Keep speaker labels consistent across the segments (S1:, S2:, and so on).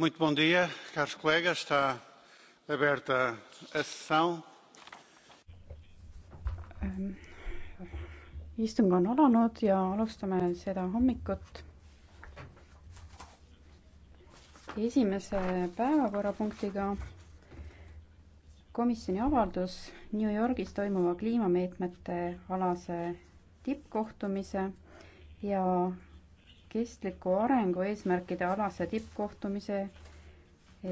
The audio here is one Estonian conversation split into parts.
S1: Muito bom dia, caros colegas. Está aberta a sessão.
S2: Um, istung on alanud ja alustame seda hommikut. esimese päevakorrapunktiga komisjoni avaldus New Yorgis toimuva kliimameetmete alase tippkohtumise ja kestliku arengu eesmärkide alase tippkohtumise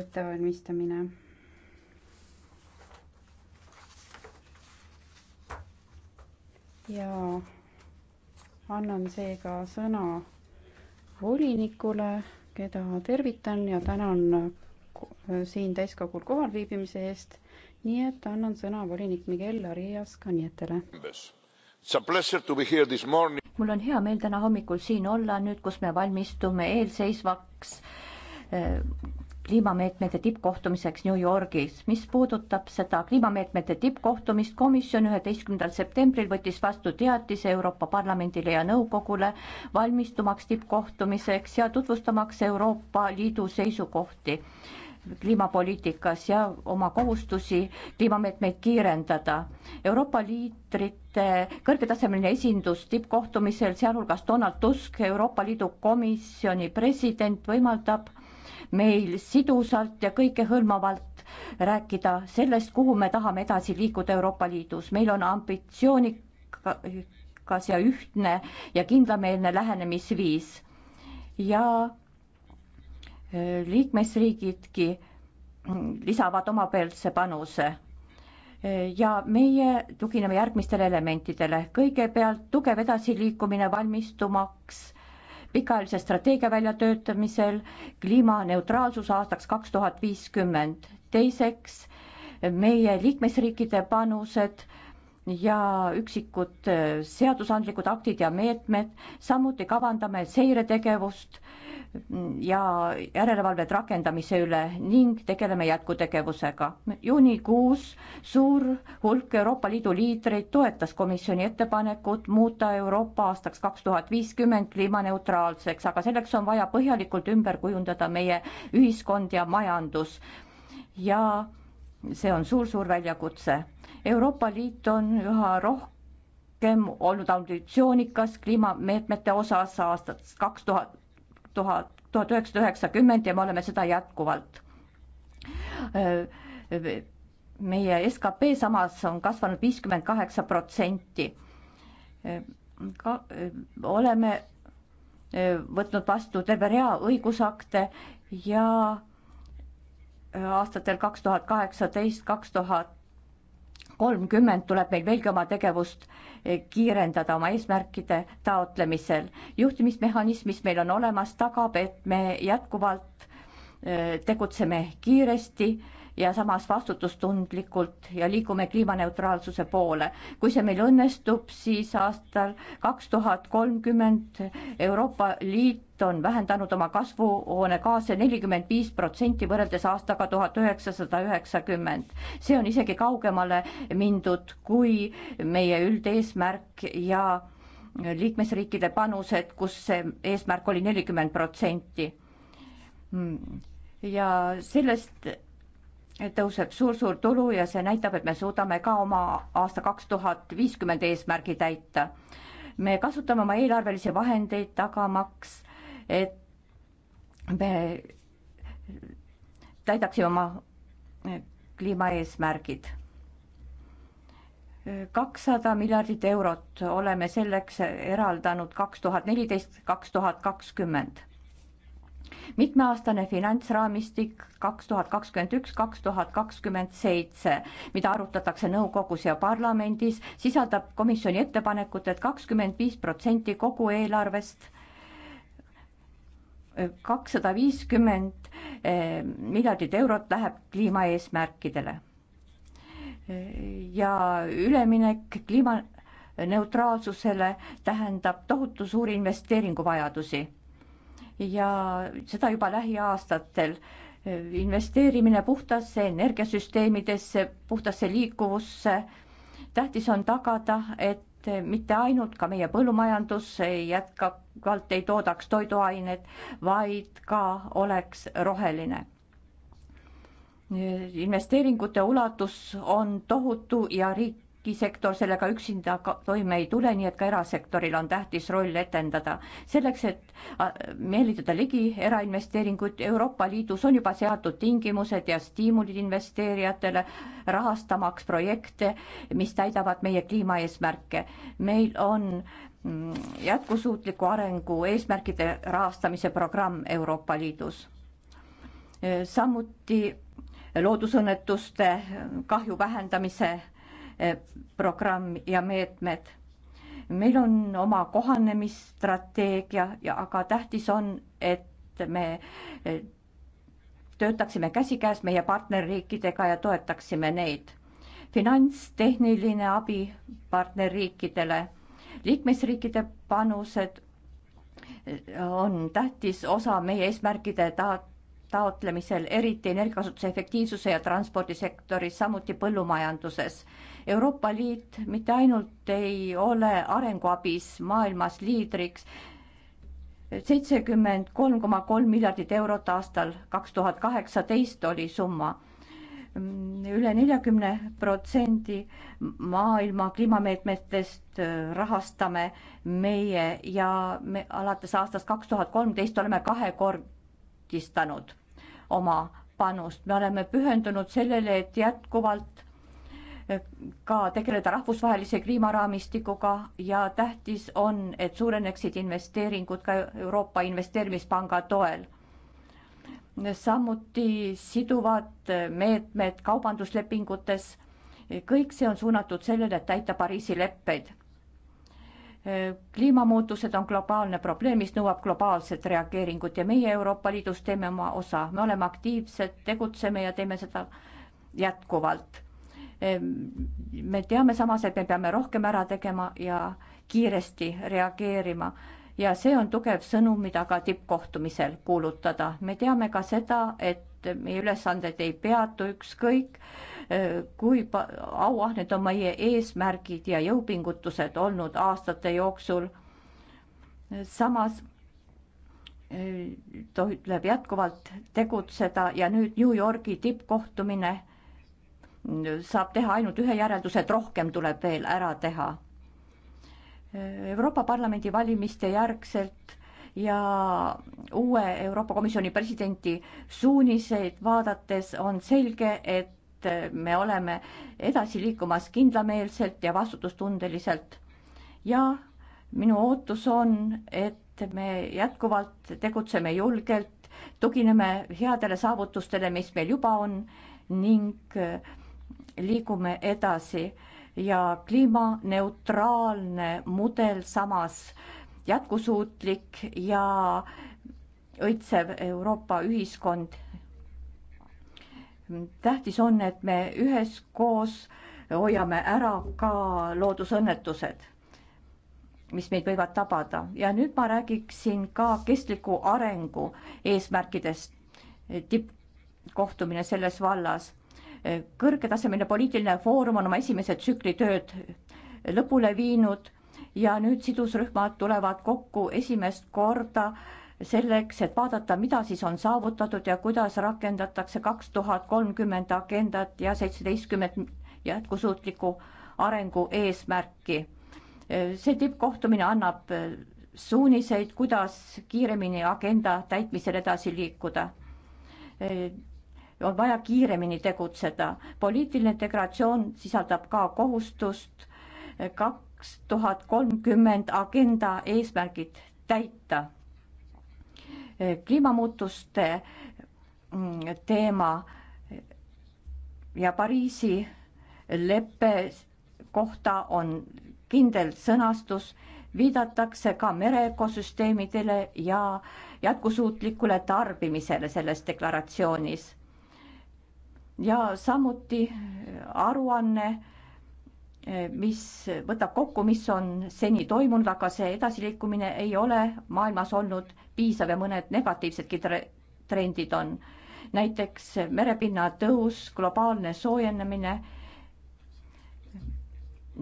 S2: ettevalmistamine. ja annan seega sõna volinikule, keda tervitan ja tänan siin täiskogul kohal viibimise eest. nii et annan sõna volinik Miguel Arias Cañetele.
S1: It's a pleasure to be here this morning
S2: mul on hea meel täna hommikul siin olla, nüüd kus me valmistume
S3: eelseisvaks eh, kliimameetmete tippkohtumiseks New Yorgis. mis puudutab seda kliimameetmete tippkohtumist, komisjon üheteistkümnendal septembril võttis vastu teatise Euroopa Parlamendile ja nõukogule valmistumaks tippkohtumiseks ja tutvustamaks Euroopa Liidu seisukohti kliimapoliitikas ja oma kohustusi kliimameetmeid kiirendada. Euroopa liidrite kõrgetasemeline esindus tippkohtumisel, sealhulgas Donald Tusk, Euroopa Liidu komisjoni president, võimaldab meil sidusalt ja kõikehõlmavalt rääkida sellest, kuhu me tahame edasi liikuda Euroopa Liidus. meil on ambitsioonikas ja ühtne ja kindlameelne lähenemisviis ja liikmesriigidki lisavad omapealse panuse ja meie tugineme järgmistele elementidele. kõigepealt tugev edasiliikumine valmistumaks pikaajalise strateegia väljatöötamisel kliimaneutraalsus aastaks kaks tuhat viiskümmend. teiseks meie liikmesriikide panused ja üksikud äh, seadusandlikud aktid ja meetmed, samuti kavandame seiretegevust ja järelevalvet rakendamise üle ning tegeleme jätkutegevusega. juunikuus suur hulk Euroopa Liidu liidreid toetas komisjoni ettepanekut muuta Euroopa aastaks kaks tuhat viiskümmend kliimaneutraalseks, aga selleks on vaja põhjalikult ümber kujundada meie ühiskond ja majandus. ja see on suur-suur väljakutse Euroopa Liit on üha rohkem olnud ambitsioonikas kliimameetmete osas aastast kaks tuhat, tuhat, tuhat üheksasada üheksakümmend ja me oleme seda jätkuvalt. meie skp samas on kasvanud viiskümmend kaheksa protsenti. ka oleme võtnud vastu terve rea õigusakte ja aastatel kaks tuhat kaheksateist, kaks tuhat kolmkümmend tuleb meil veelgi oma tegevust eh, kiirendada oma eesmärkide taotlemisel. juhtimismehhanism, mis meil on olemas, tagab, et me jätkuvalt eh, tegutseme kiiresti ja samas vastutustundlikult ja liigume kliimaneutraalsuse poole. kui see meil õnnestub, siis aastal kaks tuhat kolmkümmend Euroopa Liit Liit on vähendanud oma kasvuhoonegaase nelikümmend viis protsenti võrreldes aastaga tuhat üheksasada üheksakümmend. see on isegi kaugemale mindud kui meie üldeesmärk ja liikmesriikide panused, kus see eesmärk oli nelikümmend protsenti. ja sellest tõuseb suur-suur tulu ja see näitab, et me suudame ka oma aasta kaks tuhat viiskümmend eesmärgi täita. me kasutame oma eelarvelisi vahendeid tagamaks et me täidaksime oma eh, kliimaeesmärgid. kakssada miljardit eurot oleme selleks eraldanud kaks tuhat neliteist, kaks tuhat kakskümmend. mitmeaastane finantsraamistik kaks tuhat kakskümmend üks, kaks tuhat kakskümmend seitse, mida arutatakse nõukogus ja parlamendis, sisaldab komisjoni ettepanekut et, et kakskümmend viis protsenti kogu eelarvest kakssada viiskümmend eh, miljardit eurot läheb kliimaeesmärkidele. ja üleminek kliimaneutraalsusele tähendab tohutu suuri investeeringuvajadusi. ja seda juba lähiaastatel investeerimine puhtasse energiasüsteemidesse, puhtasse liikuvusse. tähtis on tagada, et et mitte ainult ka meie põllumajandus jätkavalt ei toodaks toiduained, vaid ka oleks roheline. investeeringute ulatus on tohutu ja riik riigisektor sellega üksinda toime ei tule, nii et ka erasektoril on tähtis roll etendada. selleks, et meelitada ligi erainvesteeringuid, Euroopa Liidus on juba seatud tingimused ja stiimulid investeerijatele, rahastamaks projekte, mis täidavad meie kliimaeesmärke. meil on mm, jätkusuutliku arengu eesmärkide rahastamise programm Euroopa Liidus. samuti loodusõnnetuste kahju vähendamise Eh, programm ja meetmed. meil on oma kohanemisstrateegia ja aga tähtis on, et me eh, töötaksime käsikäes meie partnerriikidega ja toetaksime neid. finantstehniline abi partnerriikidele, liikmesriikide panused eh, on tähtis osa meie eesmärkide taat-, taotlemisel, eriti energiakasutuse efektiivsuse ja transpordisektoris, samuti põllumajanduses. Euroopa Liit mitte ainult ei ole arenguabis maailmas liidriks, seitsekümmend kolm koma kolm miljardit eurot aastal kaks tuhat kaheksateist oli summa üle neljakümne protsendi maailma kliimameetmetest äh, rahastame meie ja me alates aastast kaks tuhat kolmteist oleme kahekord ühtistanud oma panust, me oleme pühendunud sellele, et jätkuvalt eh, ka tegeleda rahvusvahelise kliimaraamistikuga ja tähtis on, et suureneksid investeeringud ka Euroopa Investeerimispanga toel. samuti siduvad meetmed kaubanduslepingutes. kõik see on suunatud sellele, et täita Pariisi leppeid kliimamuutused on globaalne probleem, mis nõuab globaalset reageeringut ja meie Euroopa Liidus teeme oma osa, me oleme aktiivsed, tegutseme ja teeme seda jätkuvalt. Ehm, me teame samas, et me peame rohkem ära tegema ja kiiresti reageerima ja see on tugev sõnum, mida ka tippkohtumisel kuulutada. me teame ka seda, et et meie ülesanded ei peatu ükskõik, eh, kui auahned on meie eesmärgid ja jõupingutused olnud aastate jooksul. samas eh, tuleb jätkuvalt tegutseda ja nüüd New Yorgi tippkohtumine eh, saab teha ainult ühe järelduse, et rohkem tuleb veel ära teha. Euroopa Parlamendi valimiste järgselt ja uue Euroopa Komisjoni presidendi suuniseid vaadates on selge, et me oleme edasi liikumas kindlameelselt ja vastutustundeliselt. ja minu ootus on, et me jätkuvalt tegutseme julgelt, tugineme headele saavutustele, mis meil juba on ning liigume edasi ja kliimaneutraalne mudel samas jätkusuutlik ja õitsev Euroopa ühiskond. tähtis on, et me üheskoos hoiame ära ka loodusõnnetused, mis meid võivad tabada ja nüüd ma räägiksin ka kestliku arengu eesmärkidest. tippkohtumine selles vallas. kõrgetasemeline poliitiline foorum on oma esimese tsükli tööd lõpule viinud ja nüüd sidusrühmad tulevad kokku esimest korda selleks, et vaadata, mida siis on saavutatud ja kuidas rakendatakse kaks tuhat kolmkümmend agendat ja seitseteistkümmet jätkusuutliku arengu eesmärki. see tippkohtumine annab eh, suuniseid, kuidas kiiremini agenda täitmisel edasi liikuda. Eh, on vaja kiiremini tegutseda. poliitiline integratsioon sisaldab ka kohustust eh, kaks kaks tuhat kolmkümmend agenda eesmärgid täita. kliimamuutuste mm, teema ja Pariisi leppe kohta on kindel sõnastus, viidatakse ka mere ökosüsteemidele ja jätkusuutlikule tarbimisele selles deklaratsioonis. ja samuti aruanne mis võtab kokku, mis on seni toimunud, aga see edasiliikumine ei ole maailmas olnud piisav ja mõned negatiivsedki trendid on. näiteks merepinna tõus, globaalne soojenemine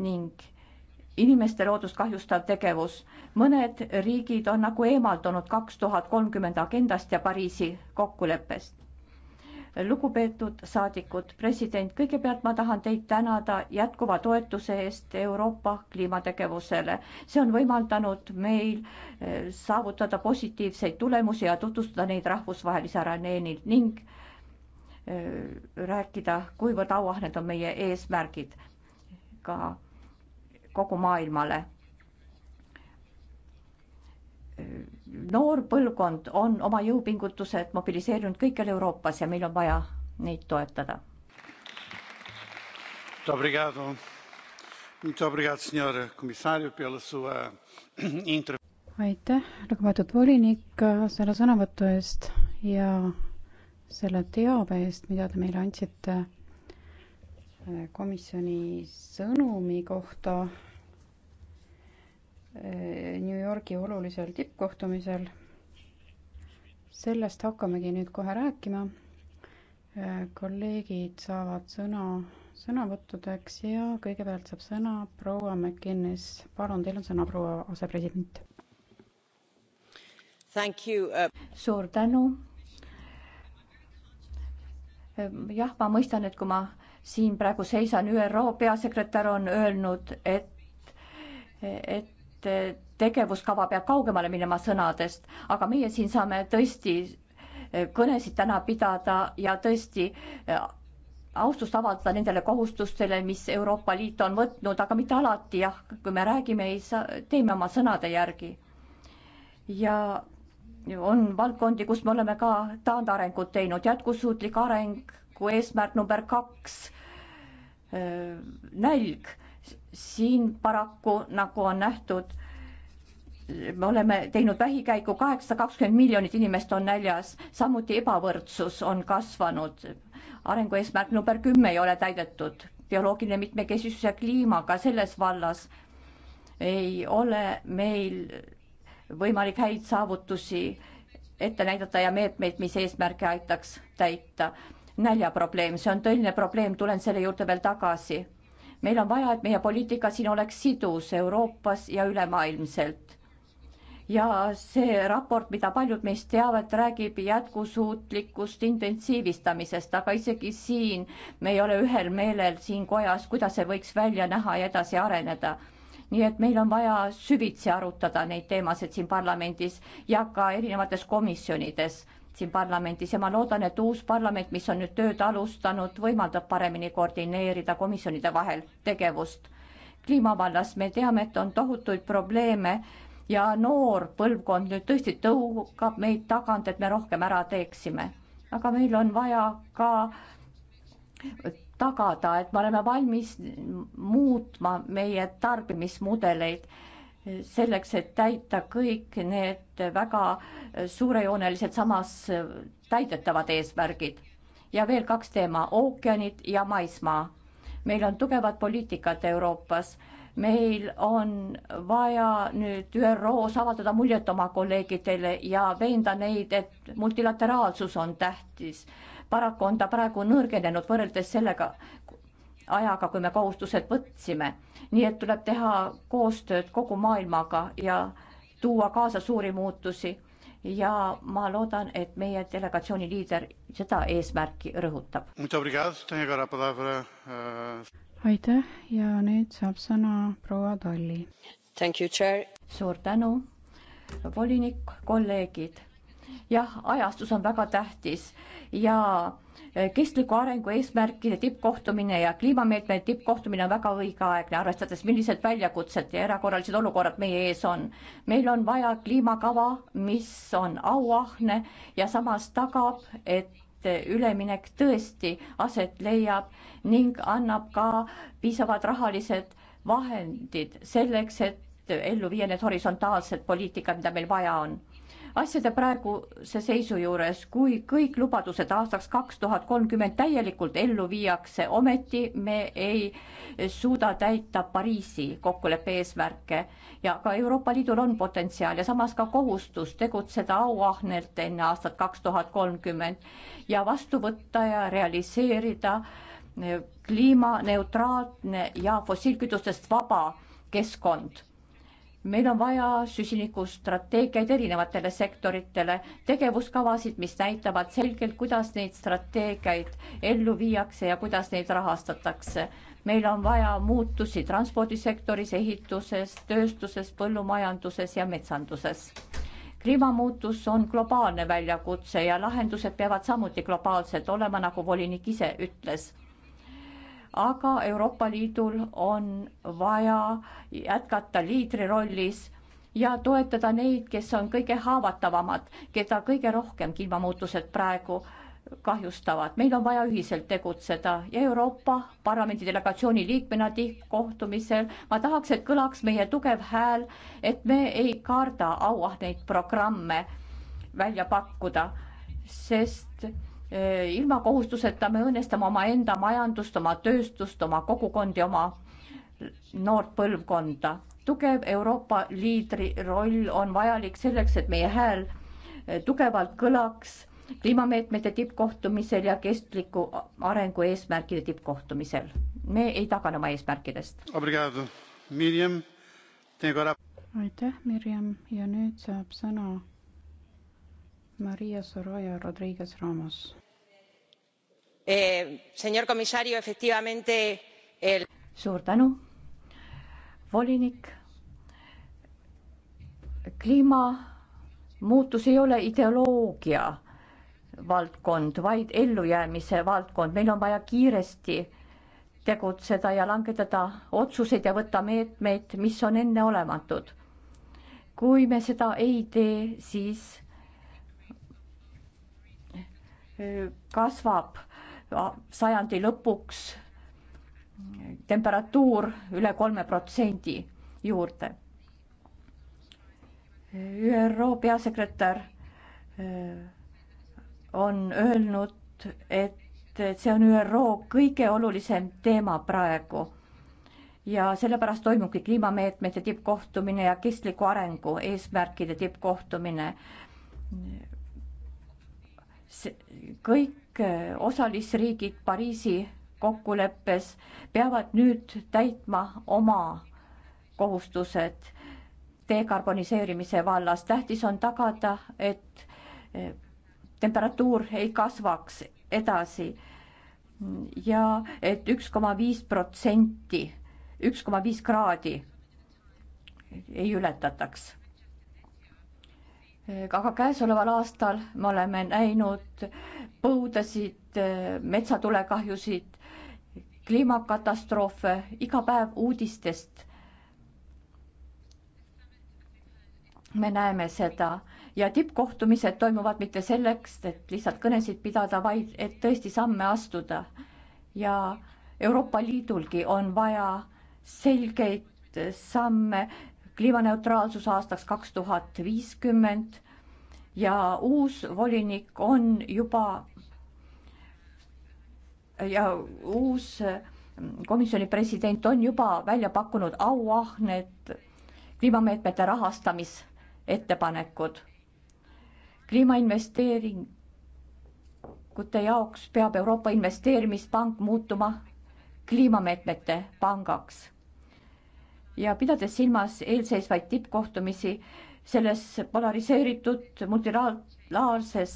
S3: ning inimeste loodust kahjustav tegevus. mõned riigid on nagu eemaldunud kaks tuhat kolmkümmend agendast ja Pariisi kokkuleppest lugupeetud saadikud, president, kõigepealt ma tahan teid tänada jätkuva toetuse eest Euroopa kliimategevusele. see on võimaldanud meil eh, saavutada positiivseid tulemusi ja tutvustada neid rahvusvahelisel areenil ning eh, rääkida, kuivõrd auahned on meie eesmärgid ka kogu maailmale noor põlvkond on oma jõupingutused mobiliseerinud kõikjal Euroopas ja meil on vaja neid toetada.
S1: Eh,
S2: aitäh, lugupeetud volinik, selle sõnavõtu eest ja selle teabe eest, mida te meile andsite eh, komisjoni sõnumi kohta Eh, New Yorgi olulisel tippkohtumisel. sellest hakkamegi nüüd kohe rääkima. Eh, kolleegid saavad sõna sõnavõttudeks ja kõigepealt saab sõna proua McInnes. palun, teil on sõna, proua asepresident.
S3: Uh, suur tänu. Eh, jah, ma mõistan, et kui ma siin praegu seisan, ÜRO peasekretär on öelnud, et, et et tegevuskava peab kaugemale minema sõnadest, aga meie siin saame tõesti eh, kõnesid täna pidada ja tõesti eh, austust avaldada nendele kohustustele, mis Euroopa Liit on võtnud, aga mitte alati jah, kui me räägime, ei saa, teeme oma sõnade järgi. ja on valdkondi, kus me oleme ka taandarengut teinud, jätkusuutlik areng kui eesmärk number kaks, eh, nälg siin paraku, nagu on nähtud, me oleme teinud vähikäigu, kaheksasada kakskümmend miljonit inimest on näljas, samuti ebavõrdsus on kasvanud. arengu eesmärk number kümme ei ole täidetud, bioloogiline mitmekesisus ja kliima ka selles vallas ei ole meil võimalik häid saavutusi ette näidata ja meetmeid, mis eesmärke aitaks täita. näljaprobleem, see on tõeline probleem, tulen selle juurde veel tagasi meil on vaja, et meie poliitika siin oleks sidus Euroopas ja ülemaailmselt. ja see raport, mida paljud meist teavad, räägib jätkusuutlikust intensiivistamisest, aga isegi siin me ei ole ühel meelel siin kojas, kuidas see võiks välja näha ja edasi areneda nii et meil on vaja süvitsi arutada neid teemasid siin parlamendis ja ka erinevates komisjonides siin parlamendis ja ma loodan, et uus parlament, mis on nüüd tööd alustanud, võimaldab paremini koordineerida komisjonide vahel tegevust. kliima vallas me teame, et on tohutuid probleeme ja noor põlvkond nüüd tõesti tõugab meid tagant, et me rohkem ära teeksime. aga meil on vaja ka tagada, et me oleme valmis muutma meie tarbimismudeleid selleks, et täita kõik need väga suurejoonelised, samas täidetavad eesmärgid. ja veel kaks teema, ookeanid ja maismaa. meil on tugevad poliitikad Euroopas, meil on vaja nüüd ÜRO-s avaldada muljet oma kolleegidele ja veenda neid, et multilateraalsus on tähtis paraku on ta praegu nõrgenenud võrreldes sellega, ajaga, kui me kohustused võtsime. nii et tuleb teha koostööd kogu maailmaga ja tuua kaasa suuri muutusi ja ma loodan, et meie delegatsiooni liider seda eesmärki rõhutab.
S1: Eh,
S2: aitäh ja nüüd saab sõna proua Talli.
S3: suur tänu, volinik, kolleegid jah, ajastus on väga tähtis ja eh, kestliku arengu eesmärkide tippkohtumine ja kliimameetmete tippkohtumine on väga õigeaegne, arvestades, millised väljakutsed ja erakorralised olukorrad meie ees on. meil on vaja kliimakava, mis on auahne ja samas tagab, et üleminek tõesti aset leiab ning annab ka piisavad rahalised vahendid selleks, et ellu viia need horisontaalsed poliitikad, mida meil vaja on asjade praeguse seisu juures, kui kõik lubadused aastaks kaks tuhat kolmkümmend täielikult ellu viiakse, ometi me ei suuda täita Pariisi kokkuleppe eesmärke ja ka Euroopa Liidul on potentsiaal ja samas ka kohustus tegutseda auahnelt enne aastat kaks tuhat kolmkümmend ja vastu võtta ja realiseerida eh, kliimaneutraalne ja fossiilkütustest vaba keskkond meil on vaja süsinikustrateegiaid erinevatele sektoritele, tegevuskavasid, mis näitavad selgelt, kuidas neid strateegiaid ellu viiakse ja kuidas neid rahastatakse. meil on vaja muutusi transpordisektoris, ehituses, tööstuses, põllumajanduses ja metsanduses. kliimamuutus on globaalne väljakutse ja lahendused peavad samuti globaalsed olema, nagu volinik ise ütles aga Euroopa Liidul on vaja jätkata liidri rollis ja toetada neid, kes on kõige haavatavamad, keda kõige rohkem kliimamuutused praegu kahjustavad. meil on vaja ühiselt tegutseda ja Euroopa Parlamendi delegatsiooni liikmena tihtkohtumisel ma tahaks, et kõlaks meie tugev hääl, et me ei karda auahneid programme välja pakkuda, sest ilma kohustuseta me õõnestame omaenda majandust, oma tööstust, oma kogukondi, oma noort põlvkonda. tugev Euroopa liidri roll on vajalik selleks, et meie hääl e, tugevalt kõlaks kliimameetmete tippkohtumisel ja kestliku arengu eesmärkide tippkohtumisel. me ei tagane oma eesmärkidest.
S2: aitäh, Mirjam ja nüüd saab sõna María Soraya Rodríguez Ramos.
S4: Eh, señor comisario, efectivamente el...
S2: suur tänu, volinik.
S3: kliimamuutus ei ole ideoloogia valdkond, vaid ellujäämise valdkond, meil on vaja kiiresti tegutseda ja langetada otsuseid ja võtta meetmeid, mis on enneolematud. kui me seda ei tee, siis kasvab sajandi lõpuks temperatuur üle kolme protsendi juurde. ÜRO peasekretär e, on öelnud, et see on ÜRO kõige olulisem teema praegu ja sellepärast toimubki kliimameetmete tippkohtumine ja kestliku arengu eesmärkide tippkohtumine kõik äh, osalisriigid Pariisi kokkuleppes peavad nüüd täitma oma kohustused dekarboniseerimise vallas. tähtis on tagada, et äh, temperatuur ei kasvaks edasi ja et üks koma viis protsenti, üks koma viis kraadi ei ületataks aga käesoleval aastal me oleme näinud põudasid, metsatulekahjusid, kliimakatastroofe, iga päev uudistest. me näeme seda ja tippkohtumised toimuvad mitte selleks, et lihtsalt kõnesid pidada, vaid et tõesti samme astuda. ja Euroopa Liidulgi on vaja selgeid samme kliimaneutraalsus aastaks kaks tuhat viiskümmend ja uus volinik on juba ja uus komisjoni president on juba välja pakkunud auahned kliimameetmete rahastamisettepanekud. kliimainvesteeringute jaoks peab Euroopa Investeerimispank muutuma kliimameetmete pangaks ja pidades silmas eelseisvaid tippkohtumisi selles polariseeritud multilaarses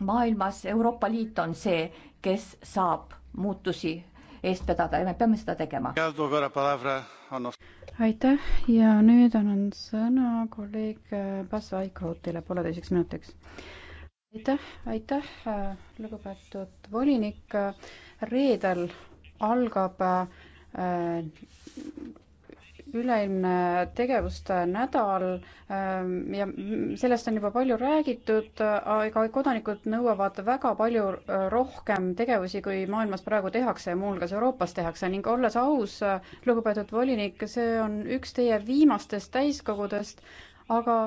S3: maailmas, Euroopa Liit on see, kes saab muutusi
S2: eest vedada ja me peame seda tegema. aitäh ja nüüd annan sõna kolleeg Bas Aikautile pooleteiseks minutiks. aitäh, aitäh, lugupeetud volinik. reedel algab äh, üleilmne tegevuste nädal ähm, ja sellest on juba palju räägitud, aga kodanikud nõuavad väga palju äh, rohkem tegevusi, kui maailmas praegu tehakse ja muuhulgas Euroopas tehakse ning olles aus, lugupeetud volinik, see on üks teie viimastest täiskogudest, aga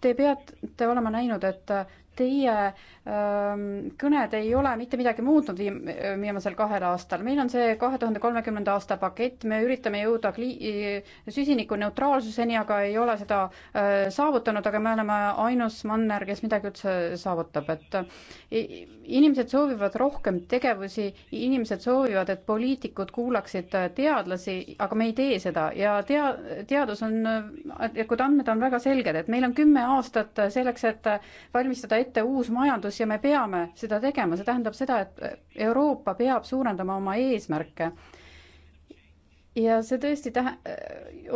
S2: te peate olema näinud, et teie ähm, kõned ei ole mitte midagi muutnud viim-, viimasel kahel aastal. meil on see kahe tuhande kolmekümnenda aasta pakett, me üritame jõuda kli-, äh, süsinikuneutraalsuseni, aga ei ole seda äh, saavutanud, aga me oleme ainus manner, kes midagi üldse saavutab, et äh, inimesed soovivad rohkem tegevusi, inimesed soovivad, et poliitikud kuulaksid teadlasi, aga me ei tee seda ja tea-, teadus on, kui andmed on väga selged, et meil on kümme aastat selleks, et valmistada ette uus majandus ja me peame seda tegema, see tähendab seda, et Euroopa peab suurendama oma eesmärke ja see tõesti tähe-,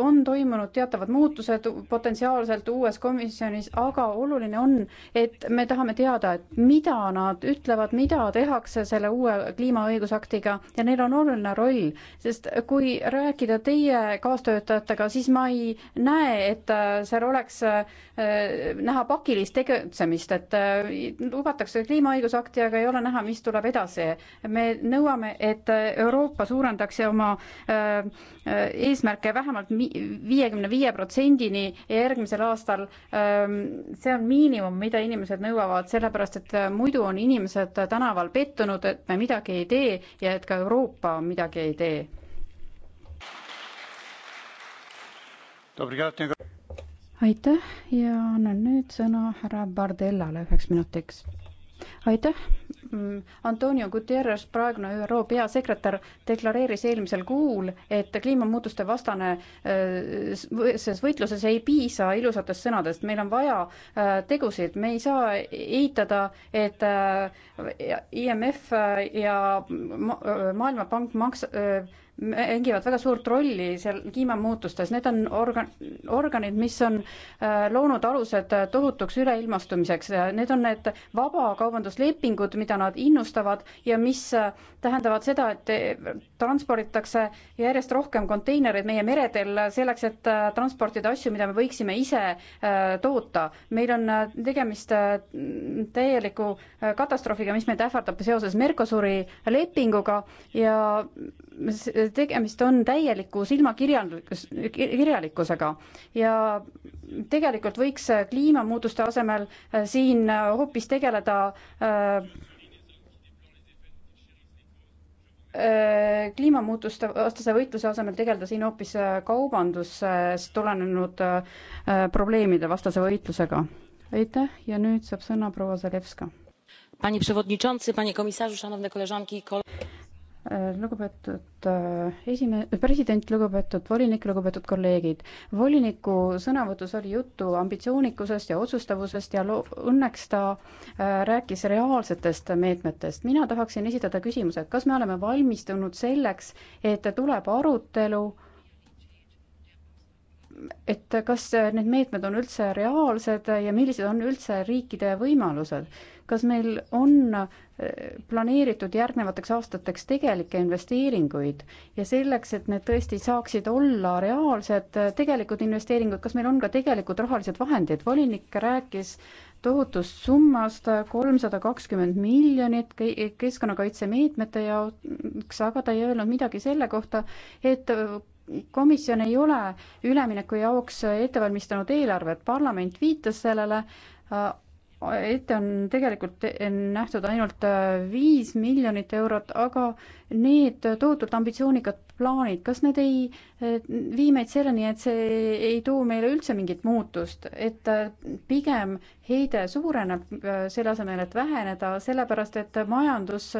S2: on toimunud teatavad muutused potentsiaalselt uues komisjonis, aga oluline on, et me tahame teada, et mida nad ütlevad, mida tehakse selle uue kliimaõigusaktiga ja neil on oluline roll, sest kui rääkida teie kaastöötajatega, siis ma ei näe, et äh, seal oleks äh, näha pakilist tegutsemist, et äh, lubatakse kliimaõigusakti, aga ei ole näha, mis tuleb edasi. me nõuame, et Euroopa suurendaks oma Äh, eesmärke vähemalt viiekümne viie protsendini järgmisel aastal. Ähm, see on miinimum, mida inimesed nõuavad, sellepärast et äh, muidu on inimesed tänaval pettunud, et me midagi ei tee ja et ka Euroopa midagi ei tee.
S1: aitäh
S2: ja annan nüüd sõna härra Bardellale üheks minutiks aitäh! Mm, Antonio Guterres, praegune ÜRO peasekretär, deklareeris eelmisel kuul, et kliimamuutuste vastane äh, selles võitluses ei piisa ilusatest sõnadest, meil on vaja äh, tegusid, me ei saa eitada, et äh, IMF ja Maailmapank maks-, mängivad väga suurt rolli seal kliimamuutustes, need on organ-, organid, mis on äh, loonud alused äh, tohutuks üleilmastumiseks, need on need vabakaubanduslepingud, mida nad innustavad ja mis äh, tähendavad seda, et transporditakse järjest rohkem konteinereid meie meredel selleks, et transportida asju, mida me võiksime ise toota. meil on tegemist täieliku katastroofiga, mis meid ähvardab seoses Mercosuri lepinguga ja tegemist on täieliku silmakirjandus, kirjalikkusega ja tegelikult võiks äh, kliimamuutuste asemel äh, siin äh, hoopis tegeleda äh, kliimamuutuste vastase võitluse asemel tegeleda siin hoopis kaubandusest tulenenud probleemide vastase võitlusega. aitäh ja nüüd saab sõna proua Zalewska lugupeetud äh, esime-, president, lugupeetud volinik, lugupeetud kolleegid. voliniku sõnavõtus oli juttu ambitsioonikusest ja otsustavusest ja lo-, õnneks ta äh, rääkis reaalsetest meetmetest. mina tahaksin esitada küsimuse, et kas me oleme valmistunud selleks, et tuleb arutelu äh, et kas need meetmed on üldse reaalsed ja millised on üldse riikide võimalused? kas meil on eh, planeeritud järgnevateks aastateks tegelikke investeeringuid ja selleks, et need tõesti saaksid olla reaalsed eh, tegelikud investeeringud, kas meil on ka tegelikud rahalised vahendid? volinik rääkis tohutust summast eh, kolmsada kakskümmend miljonit keskkonnakaitsemeetmete jaoks, aga ta ei öelnud midagi selle kohta, et komisjon ei ole ülemineku jaoks ette valmistanud eelarvet, parlament viitas sellele, ette on tegelikult nähtud ainult äh, viis miljonit eurot, aga need tohutult ambitsioonikad plaanid, kas need ei äh, vii meid selleni, et see ei too meile üldse mingit muutust, et äh, pigem heide suureneb selle asemel, et väheneda, sellepärast et majandus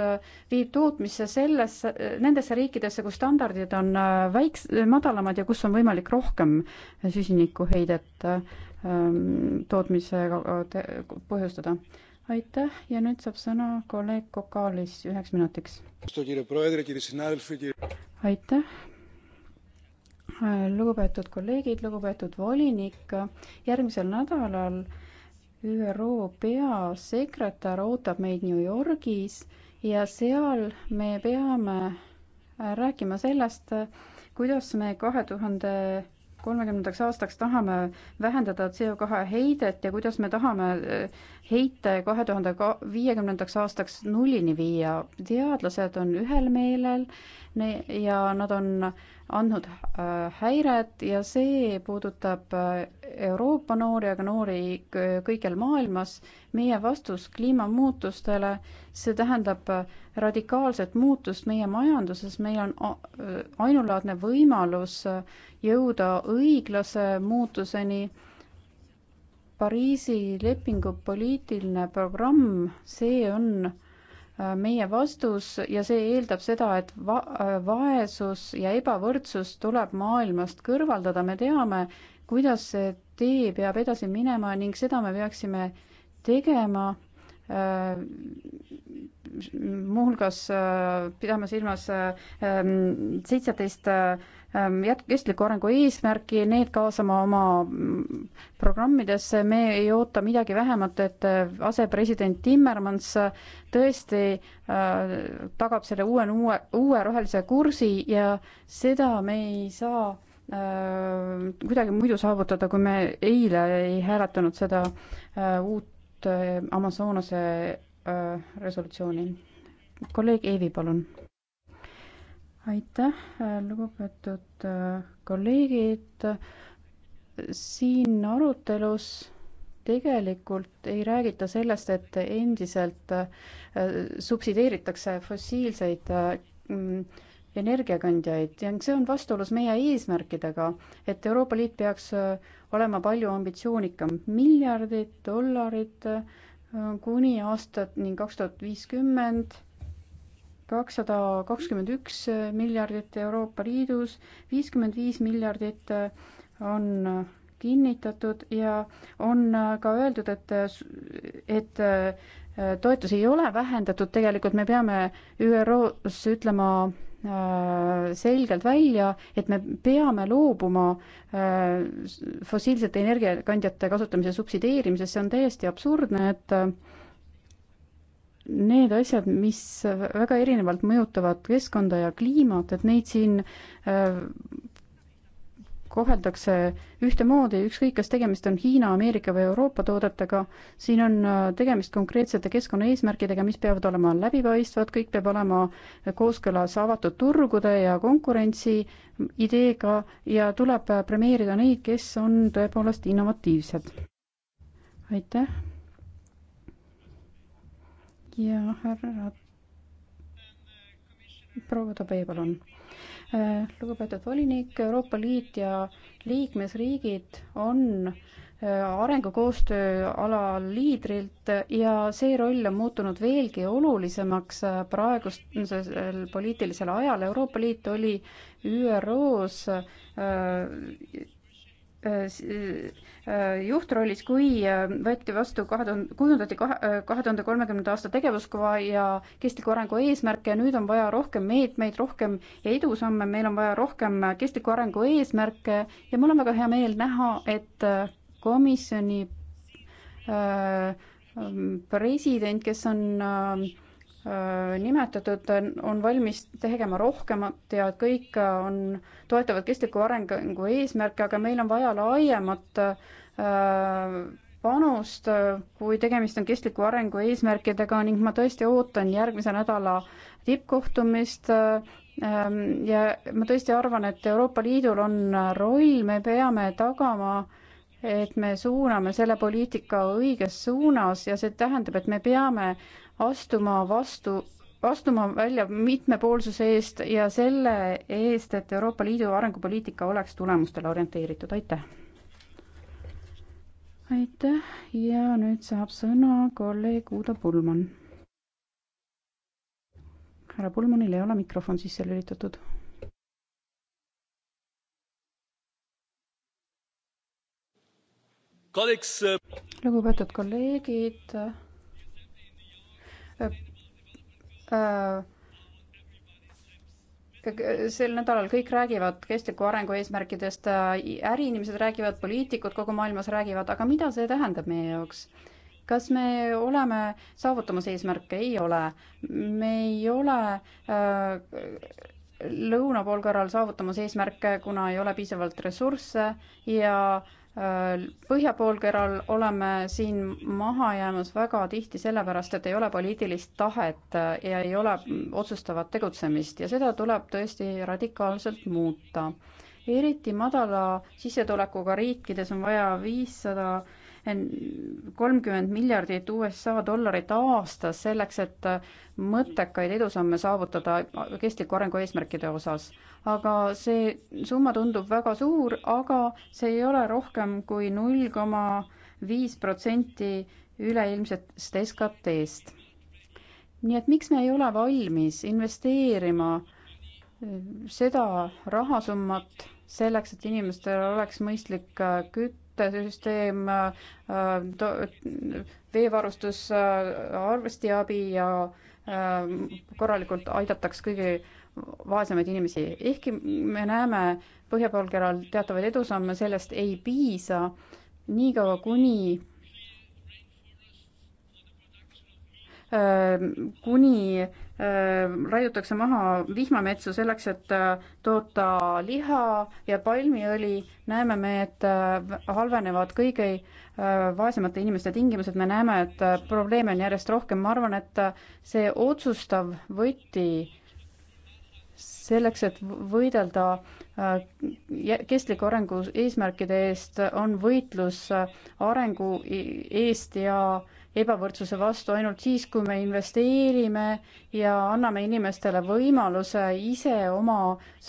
S2: viib tootmisse sellesse, nendesse riikidesse, kus standardid on väiks-, madalamad ja kus on võimalik rohkem süsinikuheidet Ähm, tootmisega põhjustada. aitäh ja nüüd saab sõna kolleeg Kokaalis üheks minutiks. aitäh, lugupeetud kolleegid, lugupeetud volinik, järgmisel nädalal ÜRO peasekretär ootab meid New Yorgis ja seal me peame rääkima sellest, kuidas me kahe tuhande kolmekümnendaks aastaks tahame vähendada CO2 heidet ja kuidas me tahame heite kahe tuhande viiekümnendaks aastaks nullini viia. teadlased on ühel meelel ja nad on andnud äh, häiret ja see puudutab äh, Euroopa noori, aga noori kõikjal maailmas. meie vastus kliimamuutustele, see tähendab äh, radikaalset muutust meie majanduses, meil on ainulaadne võimalus jõuda õiglase muutuseni Pariisi lepingu poliitiline programm, see on äh, meie vastus ja see eeldab seda, et va-, äh, vaesus ja ebavõrdsus tuleb maailmast kõrvaldada, me teame, kuidas see tee peab edasi minema ning seda me peaksime tegema äh, muuhulgas äh, pidama silmas äh, ähm, seitseteist äh, Ähm, jät-, kestliku arengu eesmärki, need kaasama oma programmidesse, me ei oota midagi vähemat, et äh, asepresident Timmermans äh, tõesti äh, tagab selle uue, uue, uue rohelise kursi ja seda me ei saa äh, kuidagi muidu saavutada, kui me eile ei hääletanud seda äh, uut äh, Amazonase resolutsiooni. kolleeg Eevi, palun aitäh, lugupeetud äh, kolleegid. siin arutelus tegelikult ei räägita sellest, et endiselt äh, subsideeritakse fossiilseid äh, mm, energiakandjaid ja see on vastuolus meie eesmärkidega, et Euroopa Liit peaks olema palju ambitsioonikam. miljardid dollarid kuni aastateni kaks tuhat viiskümmend kakssada kakskümmend üks miljardit Euroopa Liidus, viiskümmend viis miljardit on kinnitatud ja on ka öeldud, et, et äh, toetusi ei ole vähendatud, tegelikult me peame ÜRO-s ütlema äh, selgelt välja, et me peame loobuma äh, fossiilsete energiakandjate kasutamise subsideerimisest, see on täiesti absurdne, et need asjad, mis väga erinevalt mõjutavad keskkonda ja kliimat, et neid siin äh, koheldakse ühtemoodi, ükskõik, kas tegemist on Hiina, Ameerika või Euroopa toodetega, siin on äh, tegemist konkreetsete keskkonnaeesmärkidega, mis peavad olema läbipaistvad, kõik peab olema kooskõlas avatud turgude ja konkurentsi ideega ja tuleb premeerida neid, kes on tõepoolest innovatiivsed. aitäh! ja härra proua Tobee, palun. Äh, lugupeetud volinik, Euroopa Liit ja liikmesriigid on äh, arengukoostöö alal liidrilt ja see roll on muutunud veelgi olulisemaks äh, praegusel poliitilisel ajal. Euroopa Liit oli ÜRO-s Äh, äh, juhtrollis, kui äh, võeti vastu kahe tuhande, kujundati kahe tuhande kolmekümnenda aasta tegevuskava ja kestliku arengu eesmärke ja nüüd on vaja rohkem meetmeid, rohkem edusamme, meil on vaja rohkem kestliku arengu eesmärke ja mul on väga hea meel näha, et komisjoni president, kes on äh, Äh, nimetatud, on valmis tegema rohkemat ja kõik äh, on, toetavad kestliku arengu eesmärke, aga meil on vaja laiemat äh, panust, kui tegemist on kestliku arengu eesmärkidega ning ma tõesti ootan järgmise nädala tippkohtumist ähm, ja ma tõesti arvan, et Euroopa Liidul on roll, me peame tagama et me suuname selle poliitika õiges suunas ja see tähendab, et me peame astuma vastu astuma välja mitmepoolsuse eest ja selle eest, et Euroopa Liidu arengupoliitika oleks tulemustele orienteeritud, aitäh! aitäh ja nüüd saab sõna kolleeg Uudo Pulman. härra Pulmanil ei ole mikrofon sisse lülitatud.
S3: Äh,
S2: lugupeetud kolleegid Äh, äh, sel nädalal kõik räägivad kestliku arengu eesmärkidest, äh, äriinimesed räägivad, poliitikud kogu maailmas räägivad, aga mida see tähendab meie jaoks? kas me oleme saavutamas eesmärke? ei ole. me ei ole äh, lõuna poolkõrval saavutamas eesmärke, kuna ei ole piisavalt ressursse ja äh, Äh, põhjapoolkeral oleme siin maha jäämas väga tihti sellepärast, et ei ole poliitilist tahet äh, ja ei ole otsustavat tegutsemist ja seda tuleb tõesti radikaalselt muuta. eriti madala sissetulekuga riikides on vaja viissada 500 kolmkümmend miljardit USA dollarit aastas selleks, et mõttekaid edusamme saavutada kestliku arengu eesmärkide osas. aga see summa tundub väga suur, aga see ei ole rohkem kui null koma viis protsenti üleilmsest SKT-st. nii et miks me ei ole valmis investeerima äh, seda rahasummat selleks, et inimestel oleks mõistlik äh, küt-, küttesüsteem, veevarustus, arstiabi ja ähm, korralikult aidataks kõige vaesemaid inimesi, ehkki me näeme põhjapoolkeral teatavaid edusamme, sellest ei piisa, niikaua kuni kuni raiutakse maha vihmametsu selleks, et toota liha ja palmiõli, näeme me, et halvenevad kõige vaesemate inimeste tingimused, me näeme, et probleeme on järjest rohkem, ma arvan, et see otsustav võti selleks, et võidelda kestliku arengu eesmärkide eest, on võitlus arengu e-, eest ja äh, ebavõrdsuse vastu ainult siis, kui me investeerime ja anname inimestele võimaluse ise oma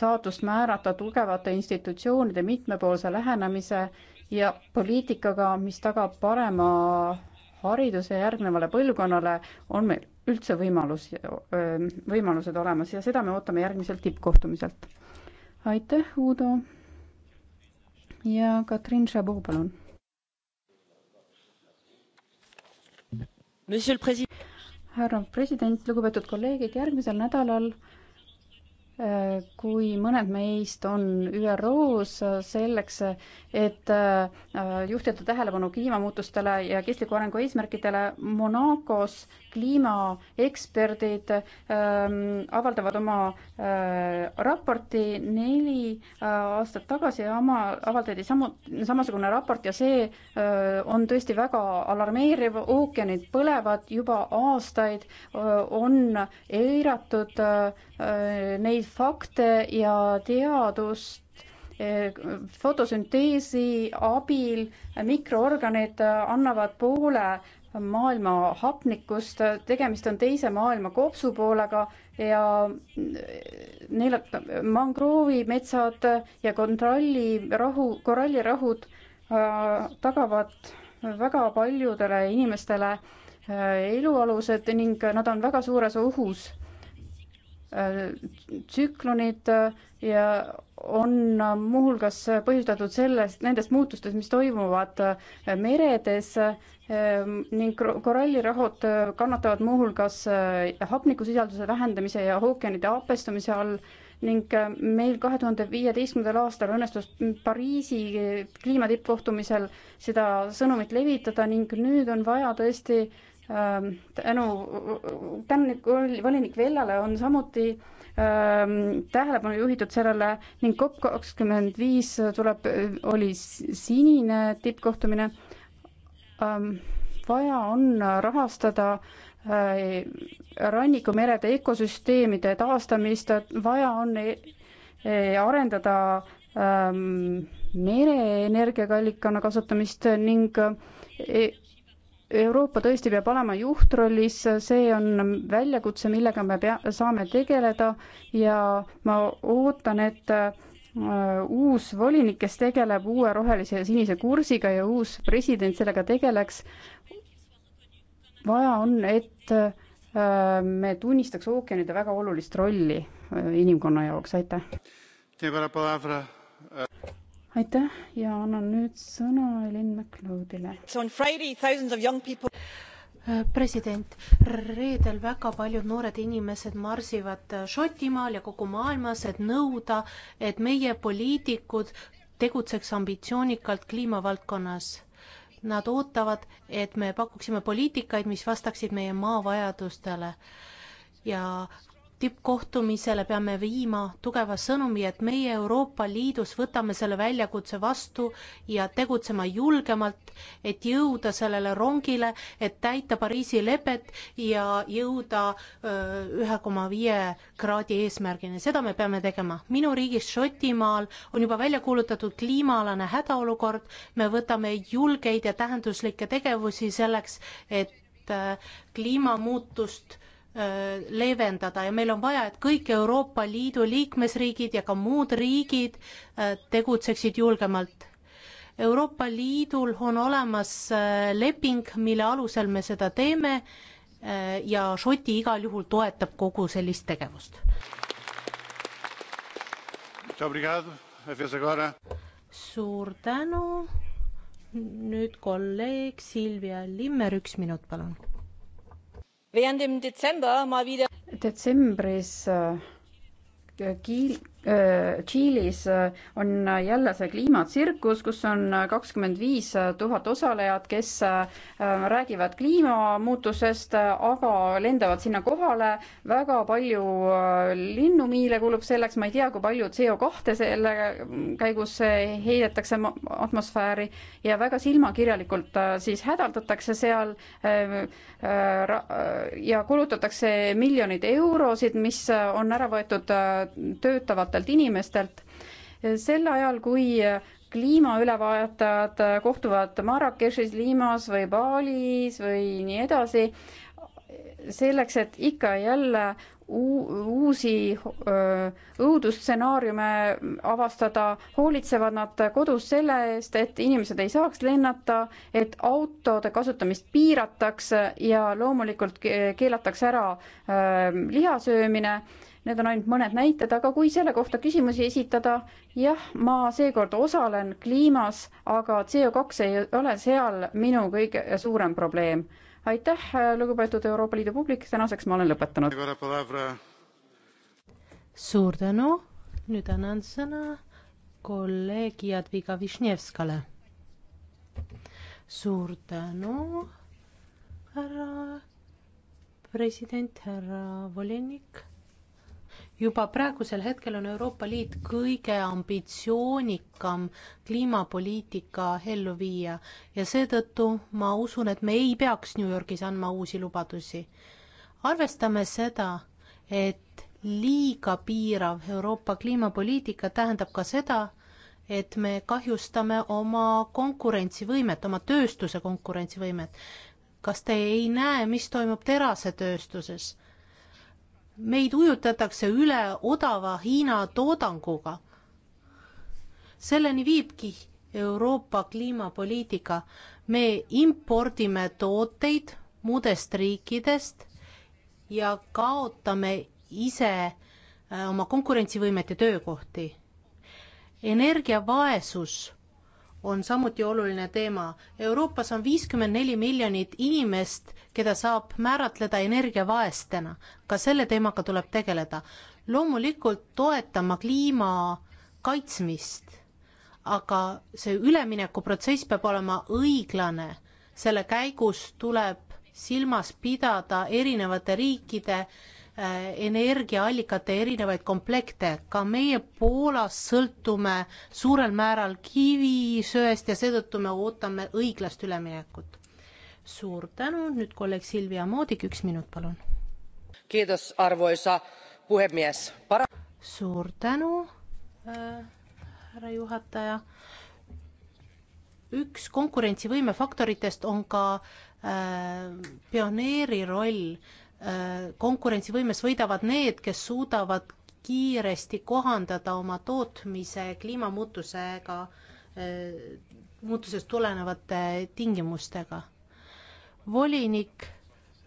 S2: saatust määrata tugevate institutsioonide mitmepoolse lähenemise ja poliitikaga, mis tagab parema hariduse järgnevale põlvkonnale, on meil üldse võimalus, võimalused olemas ja seda me ootame järgmiselt tippkohtumiselt. aitäh, Uudo. ja Katrin Šabu, palun härra president, lugupeetud kolleegid, järgmisel nädalal äh, kui mõned meist on ÜRO-s selleks, et äh, juhtida tähelepanu kliimamuutustele ja kestliku arengu eesmärkidele Monacos kliimaeksperdid ähm, avaldavad oma äh, raporti neli äh, aastat tagasi ja oma, avaldati samu, samasugune raport ja see äh, on tõesti väga alarmeeriv, ookeanid põlevad juba aastaid äh,, on eiratud äh, neid fakte ja teadust äh, fotosünteesi abil mikroorganid annavad poole maailma hapnikust, tegemist on teise maailma kopsupoolega ja neil mangroovimetsad ja kontrollirahu, korallirahud äh, tagavad väga paljudele inimestele äh, elualused ning nad on väga suures ohus tsüklonid ja on muuhulgas põhjustatud sellest, nendest muutustest, mis toimuvad meredes ehm, ning korallirahud kannatavad muuhulgas eh, hapnikusisalduse vähendamise ja ookeanide hapestumise all ning eh, meil kahe tuhande viieteistkümnendal aastal õnnestus Pariisi kliimatippkohtumisel seda sõnumit levitada ning nüüd on vaja tõesti äh, Ähm, tänu, tänu volinik Vellale on samuti ähm, tähelepanu juhitud sellele ning COP kakskümmend viis tuleb, oli sinine tippkohtumine. Ähm, vaja on rahastada äh, rannikumerede ökosüsteemide taastamist, vaja on e-, e-, arendada mereenergiaallikana kasutamist ning äh, Euroopa tõesti peab olema juhtrollis, see on väljakutse, millega me pea, saame tegeleda ja ma ootan, et äh, uus volinik, kes tegeleb uue rohelise ja sinise kursiga ja uus president sellega tegeleks, vaja on, et äh, me tunnistaks ookeanide väga olulist rolli äh, inimkonna jaoks, aitäh aitäh ja annan nüüd
S4: sõna Elin MacLeodile. Äh, president, reedel väga paljud noored inimesed marsivad äh, Šotimaal ja kogu maailmas, et nõuda, et meie poliitikud tegutseks ambitsioonikalt kliimavaldkonnas. Nad ootavad, et me pakuksime poliitikaid, mis vastaksid meie maa vajadustele ja tippkohtumisele peame viima tugeva sõnumi, et meie Euroopa Liidus võtame selle väljakutse vastu ja tegutsema julgemalt, et jõuda sellele rongile, et täita Pariisi lepet ja jõuda ühe koma viie kraadi eesmärgini, seda me peame tegema. minu riigis Šotimaal on juba välja kuulutatud kliimaalane hädaolukord, me võtame julgeid ja tähenduslikke tegevusi selleks, et kliimamuutust äh, Äh, leevendada ja meil on vaja, et kõik Euroopa Liidu liikmesriigid ja ka muud riigid äh, tegutseksid julgemalt. Euroopa Liidul on olemas äh, leping, mille alusel me seda teeme ja Šoti igal juhul toetab kogu sellist tegevust. suur tänu. nüüd kolleeg Silvia Limmer, üks minut, palun detsembris äh,
S2: kiil-, Äh, Tšiilis äh, on jälle see kliimatsirkus, kus on kakskümmend viis tuhat osalejat, kes äh, räägivad kliimamuutusest, aga lendavad sinna kohale. väga palju linnumiile kulub selleks, ma ei tea, kui palju CO kahte selle käigus heidetakse atmosfääri ja väga silmakirjalikult siis hädaldatakse seal ja kulutatakse miljoneid eurosid, mis on ära võetud töötavad haavatavalt inimestelt. sel ajal, kui kliimaülevaatajad kohtuvad Marrakechis, Limas või Balis või nii edasi, selleks, et ikka ja jälle uusi õudustsenaariume avastada, hoolitsevad nad kodus selle eest, et inimesed ei saaks lennata, et autode kasutamist piiratakse ja loomulikult keelatakse ära lihasöömine Need on ainult mõned näited, aga kui selle kohta küsimusi esitada, jah, ma seekord osalen kliimas, aga CO2 ei ole seal minu kõige suurem probleem. aitäh, lugupeetud Euroopa Liidu publik, tänaseks ma olen lõpetanud.
S4: suur tänu, nüüd annan sõna kolleeg Jadviga Višnevskale. suur tänu, härra president, härra volinik juba praegusel hetkel on Euroopa Liit kõige ambitsioonikam kliimapoliitika elluviija ja seetõttu ma usun, et me ei peaks New Yorgis andma uusi lubadusi. arvestame seda, et liiga piirav Euroopa kliimapoliitika tähendab ka seda, et me kahjustame oma konkurentsivõimet, oma tööstuse konkurentsivõimet. kas te ei näe, mis toimub terasetööstuses? meid ujutatakse üle odava Hiina toodanguga. selleni viibki Euroopa kliimapoliitika. me impordime tooteid muudest riikidest ja kaotame ise äh, oma konkurentsivõimet ja töökohti. energiavaesus on samuti oluline teema. Euroopas on viiskümmend neli miljonit inimest, keda saab määratleda energiavaestena. ka selle teemaga tuleb tegeleda. loomulikult toetama kliima kaitsmist, aga see üleminekuprotsess peab olema õiglane. selle käigus tuleb silmas pidada erinevate riikide äh, Äh, energiaallikate erinevaid komplekte. ka meie Poolas sõltume suurel määral kivisöest ja seetõttu me ootame õiglast üleminekut. suur tänu, nüüd kolleeg Silvia Moodik, üks minut, palun. suur tänu äh,, härra juhataja üks konkurentsivõime faktoritest on ka äh, pioneeri roll konkurentsivõimes võidavad need, kes suudavad kiiresti kohandada oma tootmise kliimamuutusega, äh, muutusest tulenevate tingimustega. volinik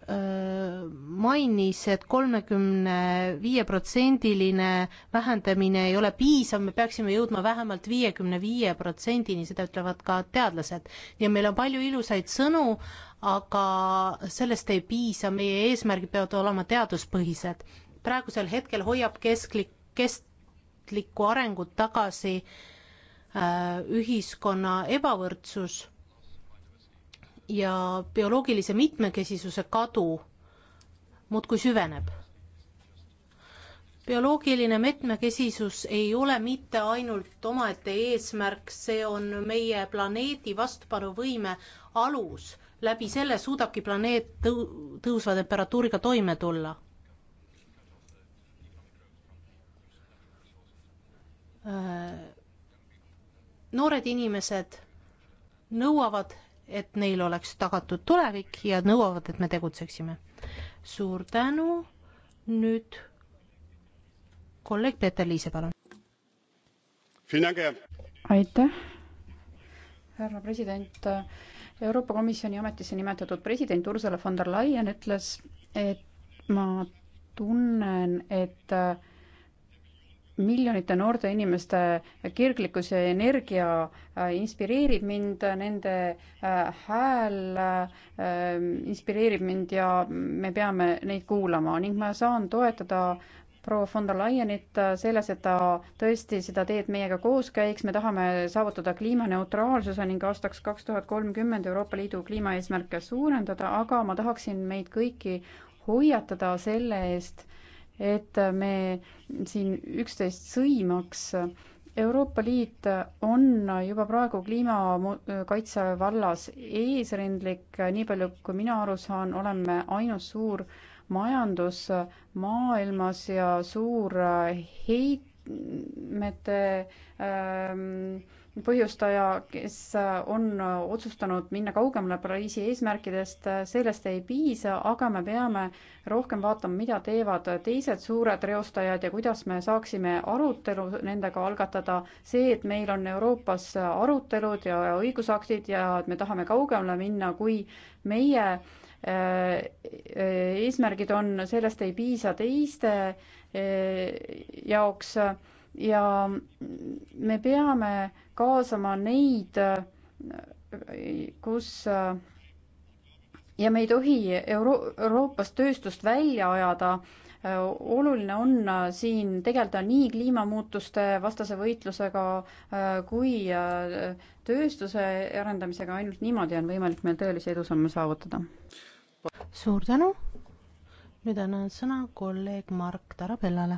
S4: mainis et, et kolmekümne viie protsendiline vähendamine ei ole piisav, me peaksime jõudma vähemalt viiekümne viie protsendini, seda ütlevad ka teadlased. ja meil on palju ilusaid sõnu, aga sellest ei piisa, meie eesmärgid peavad olema teaduspõhised. praegusel hetkel hoiab kesklik, kestlikku arengut tagasi äh, ühiskonna ebavõrdsus ja bioloogilise mitmekesisuse kadu muudkui süveneb. bioloogiline mitmekesisus ei ole mitte ainult omaette eesmärk, see on meie planeedi vastupanuvõime alus, läbi selle suudabki planeet tõu-, tõusva temperatuuriga toime tulla. noored inimesed nõuavad et neil oleks tagatud tulevik ja nõuavad, et me tegutseksime. suur tänu, nüüd kolleeg Peeter Liise, palun. aitäh, härra
S2: president. Euroopa Komisjoni ametisse nimetatud president Ursula von der Leyen ütles, et ma tunnen, et äh, miljonite noorte inimeste kirglikkus ja energia äh, inspireerib mind, nende äh, hääl äh, inspireerib mind ja me peame neid kuulama ning ma saan toetada proua von der Leyenit selles, et ta tõesti seda teed meiega koos käiks, me tahame saavutada kliimaneutraalsuse ning aastaks kaks tuhat kolmkümmend Euroopa Liidu kliimaeesmärke suurendada, aga ma tahaksin meid kõiki hoiatada selle eest, et me siin üksteist sõimaks. Euroopa Liit on juba praegu kliimakaitse vallas eesrindlik, nii palju kui mina aru saan, oleme ainus suur majandus maailmas ja suur heitmete ähm, põhjustaja, kes äh, on äh, otsustanud minna kaugemale Pariisi eesmärkidest, äh, sellest ei piisa, aga me peame rohkem vaatama, mida teevad teised suured reostajad ja kuidas me saaksime arutelu nendega algatada. see, et meil on Euroopas arutelud ja õigusaktid ja et me tahame kaugemale minna, kui meie eesmärgid on, sellest ei piisa teiste jaoks ja me peame kaasama neid, kus ja me ei tohi Euro-, Euroopast tööstust välja ajada, oluline on siin tegeleda nii kliimamuutuste vastase võitlusega kui tööstuse arendamisega, ainult niimoodi on võimalik meil tõelisi edusamme saavutada. suur tänu,
S4: nüüd annan sõna kolleeg Mark Tarabellale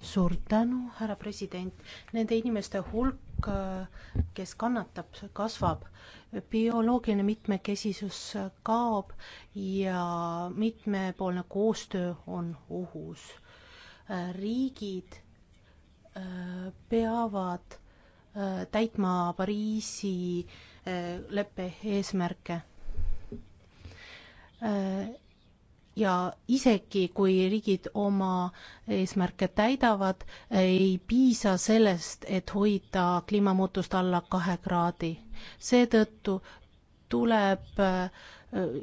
S4: suur tänu, härra president. Nende inimeste hulk, kes kannatab, kasvab. bioloogiline mitmekesisus kaob ja mitmepoolne koostöö on ohus. riigid äh, peavad äh, täitma Pariisi äh, leppe eesmärke ja isegi, kui riigid oma eesmärke täidavad, ei piisa sellest, et hoida kliimamuutust alla kahe kraadi. seetõttu tuleb äh,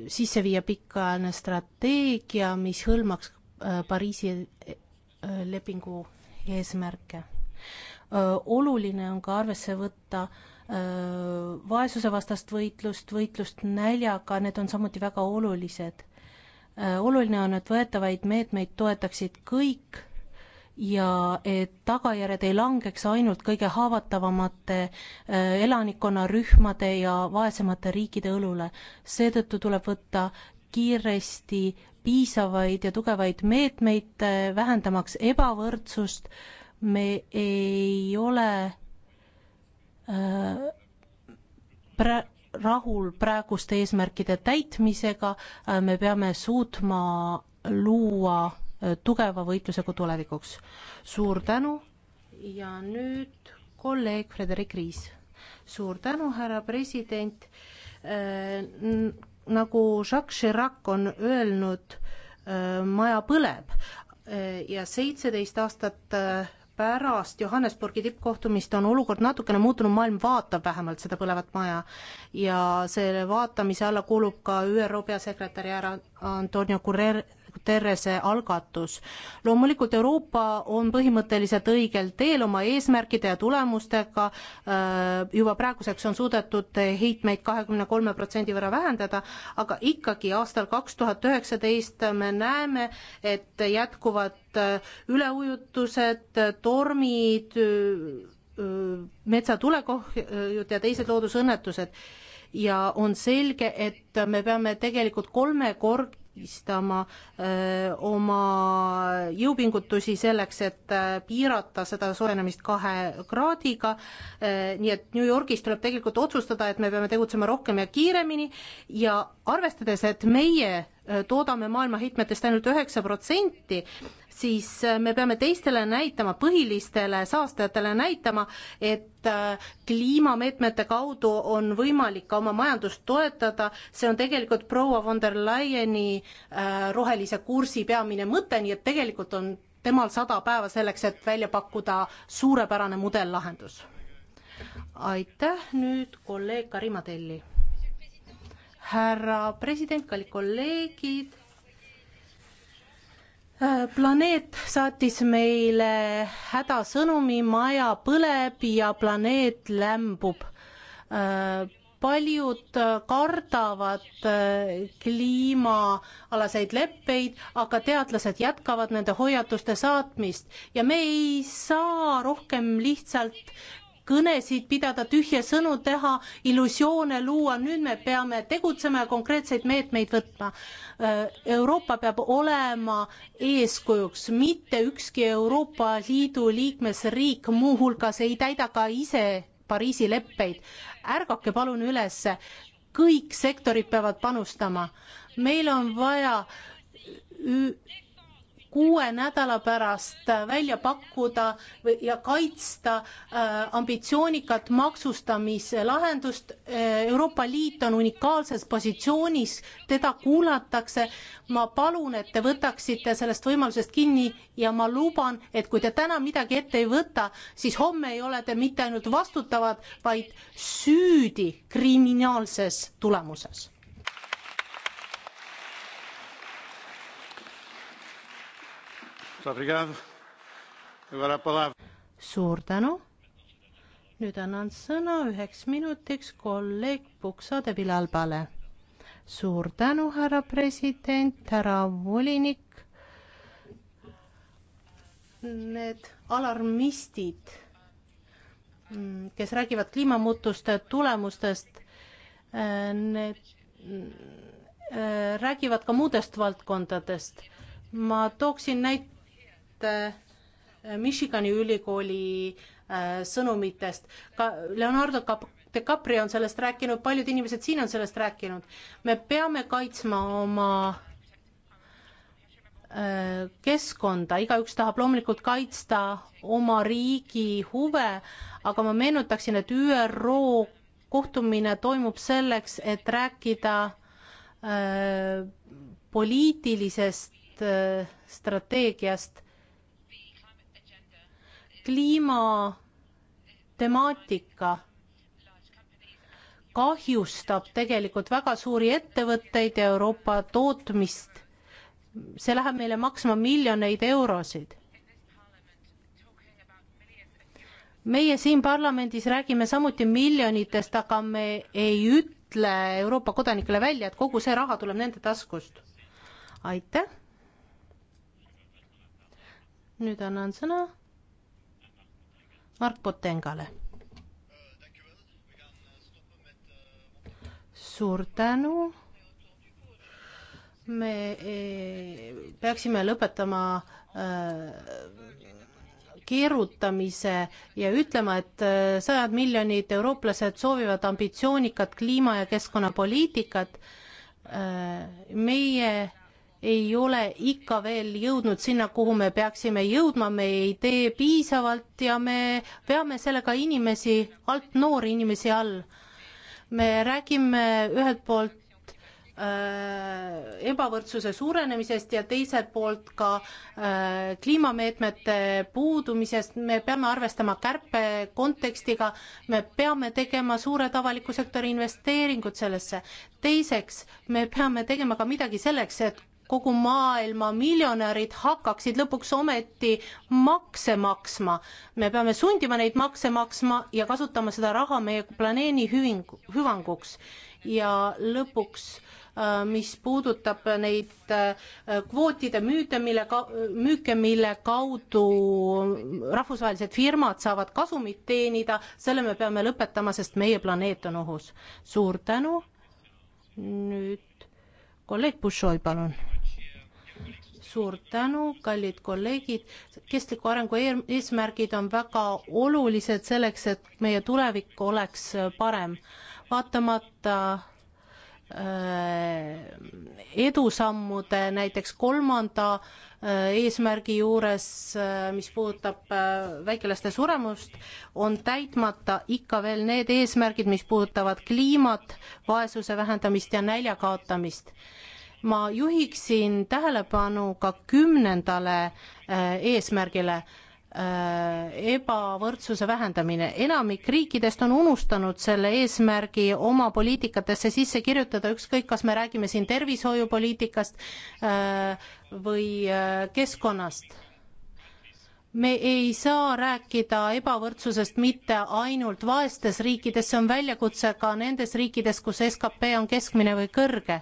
S4: sisse viia pikaajaline strateegia, mis hõlmaks äh, Pariisi äh, lepingu eesmärke. oluline on ka arvesse võtta vaesusevastast võitlust, võitlust näljaga, need on samuti väga olulised Äh, oluline on, et võetavaid meetmeid toetaksid kõik ja et tagajärjed ei langeks ainult kõige haavatavamate äh, elanikkonnarühmade ja vaesemate riikide õlule. seetõttu tuleb võtta kiiresti piisavaid ja tugevaid meetmeid, äh, vähendamaks ebavõrdsust, me ei ole äh, pra-, rahul praeguste eesmärkide täitmisega, äh, me peame suutma luua äh, tugeva võitluse ka tulevikuks. suur tänu ja nüüd kolleeg Frederik Riis. suur tänu, härra president. Äh, nagu Jacques Chirac on öelnud, maja põleb ja seitseteist aastat pärast Johannesburgi tippkohtumist on olukord natukene muutunud, maailm vaatab vähemalt seda põlevat maja ja selle vaatamise alla kuulub ka ÜRO peasekretäri härra Antonio Guerre-, Guterrese algatus. loomulikult Euroopa on põhimõtteliselt õigel teel oma eesmärkide ja tulemustega, äh, juba praeguseks on suudetud heitmeid kahekümne kolme protsendi võrra vähendada, aga ikkagi aastal kaks tuhat üheksateist me näeme, et jätkuvad äh, üleujutused, tormid, äh, metsatulekohjud ja teised loodusõnnetused ja on selge, et me peame tegelikult kolmekord tõhistama öö, oma jõupingutusi selleks, et piirata seda soojenemist kahe kraadiga, nii et New Yorgis tuleb tegelikult otsustada, et me peame tegutsema rohkem ja kiiremini ja arvestades, et meie toodame maailma heitmetest ainult üheksa protsenti, siis äh, me peame teistele näitama, põhilistele saastajatele näitama, et äh, kliimameetmete kaudu on võimalik ka oma majandust toetada, see on tegelikult proua von der Leyeni äh, rohelise kursi peamine mõte, nii et tegelikult on temal sada päeva selleks, et välja pakkuda suurepärane mudellahendus. aitäh, nüüd kolleeg Karima Telli. härra president, kallid kolleegid Äh, planeet saatis meile hädasõnumi, maja põleb ja planeet lämbub. Äh, paljud kardavad äh, kliimaalaseid leppeid, aga teadlased jätkavad nende hoiatuste saatmist ja me ei saa rohkem lihtsalt kõnesid pidada, tühje sõnu teha, illusioone luua, nüüd me peame tegutsema ja konkreetseid meetmeid võtma. Äh, Euroopa peab olema eeskujuks, mitte ükski Euroopa Liidu liikmesriik muuhulgas ei täida ka ise Pariisi leppeid. ärgake palun üles, kõik sektorid peavad panustama. meil on vaja kuue nädala pärast välja pakkuda ja kaitsta äh, ambitsioonikat maksustamise lahendust. Äh, Euroopa Liit on unikaalses positsioonis, teda kuulatakse. ma palun, et te võtaksite sellest võimalusest kinni ja ma luban, et kui te täna midagi ette ei võta, siis homme ei ole te mitte ainult vastutavad, vaid süüdi kriminaalses tulemuses suur tänu. nüüd annan sõna üheks minutiks kolleeg Puksade Vilalbale. suur tänu, härra president, härra volinik. Need alarmistid, kes räägivad kliimamuutuste tulemustest, need räägivad ka muudest valdkondadest. ma tooksin näite ette äh, Michigani ülikooli äh, sõnumitest. ka Leonardo DiCaprio on sellest rääkinud, paljud inimesed siin on sellest rääkinud. me peame kaitsma oma äh, keskkonda, igaüks tahab loomulikult kaitsta oma riigi huve, aga ma meenutaksin, et ÜRO kohtumine toimub selleks, et rääkida äh, poliitilisest äh, strateegiast kliimatemaatika kahjustab tegelikult väga suuri ettevõtteid ja Euroopa tootmist. see läheb meile maksma miljoneid eurosid. meie siin parlamendis räägime samuti miljonitest, aga me ei ütle Euroopa kodanikele välja, et kogu see raha tuleb nende taskust. aitäh. nüüd annan sõna Mark Potengale. suur tänu. me e, peaksime lõpetama e, keerutamise ja ütlema, et e, sajad miljonid eurooplased soovivad ambitsioonikat kliima- ja keskkonnapoliitikat. meie ei ole ikka veel jõudnud sinna, kuhu me peaksime jõudma, me ei tee piisavalt ja me veame sellega inimesi, alt noori inimesi all. me räägime ühelt poolt äh, ebavõrdsuse suurenemisest ja teiselt poolt ka äh, kliimameetmete puudumisest, me peame arvestama kärpe kontekstiga, me peame tegema suured avaliku sektori investeeringud sellesse. teiseks, me peame tegema ka midagi selleks, et kogu maailma miljonärid hakkaksid lõpuks ometi makse maksma. me peame sundima neid makse maksma ja kasutama seda raha meie planeedi hüving-, hüvanguks. ja lõpuks, äh, mis puudutab neid äh, kvootide müüde, mille ka-, müüke, mille kaudu rahvusvahelised firmad saavad kasumit teenida, selle me peame lõpetama, sest meie planeet on ohus. suur tänu, nüüd kolleeg Bushoi, palun suur tänu, kallid kolleegid, kestliku arengu eesmärgid on väga olulised selleks, et meie tulevik oleks parem. vaatamata äh, edusammude näiteks kolmanda äh, eesmärgi juures, äh, mis puudutab väikelaste suremust, on täitmata ikka veel need eesmärgid, mis puudutavad kliimat, vaesuse vähendamist ja nälja kaotamist ma juhiksin tähelepanu ka kümnendale äh, eesmärgile äh, ebavõrdsuse vähendamine. enamik riikidest on unustanud selle eesmärgi oma poliitikatesse sisse kirjutada, ükskõik, kas me räägime siin tervishoiupoliitikast äh, või keskkonnast. me ei saa rääkida ebavõrdsusest mitte ainult vaestes riikides, see on väljakutse ka nendes riikides, kus skp on keskmine või kõrge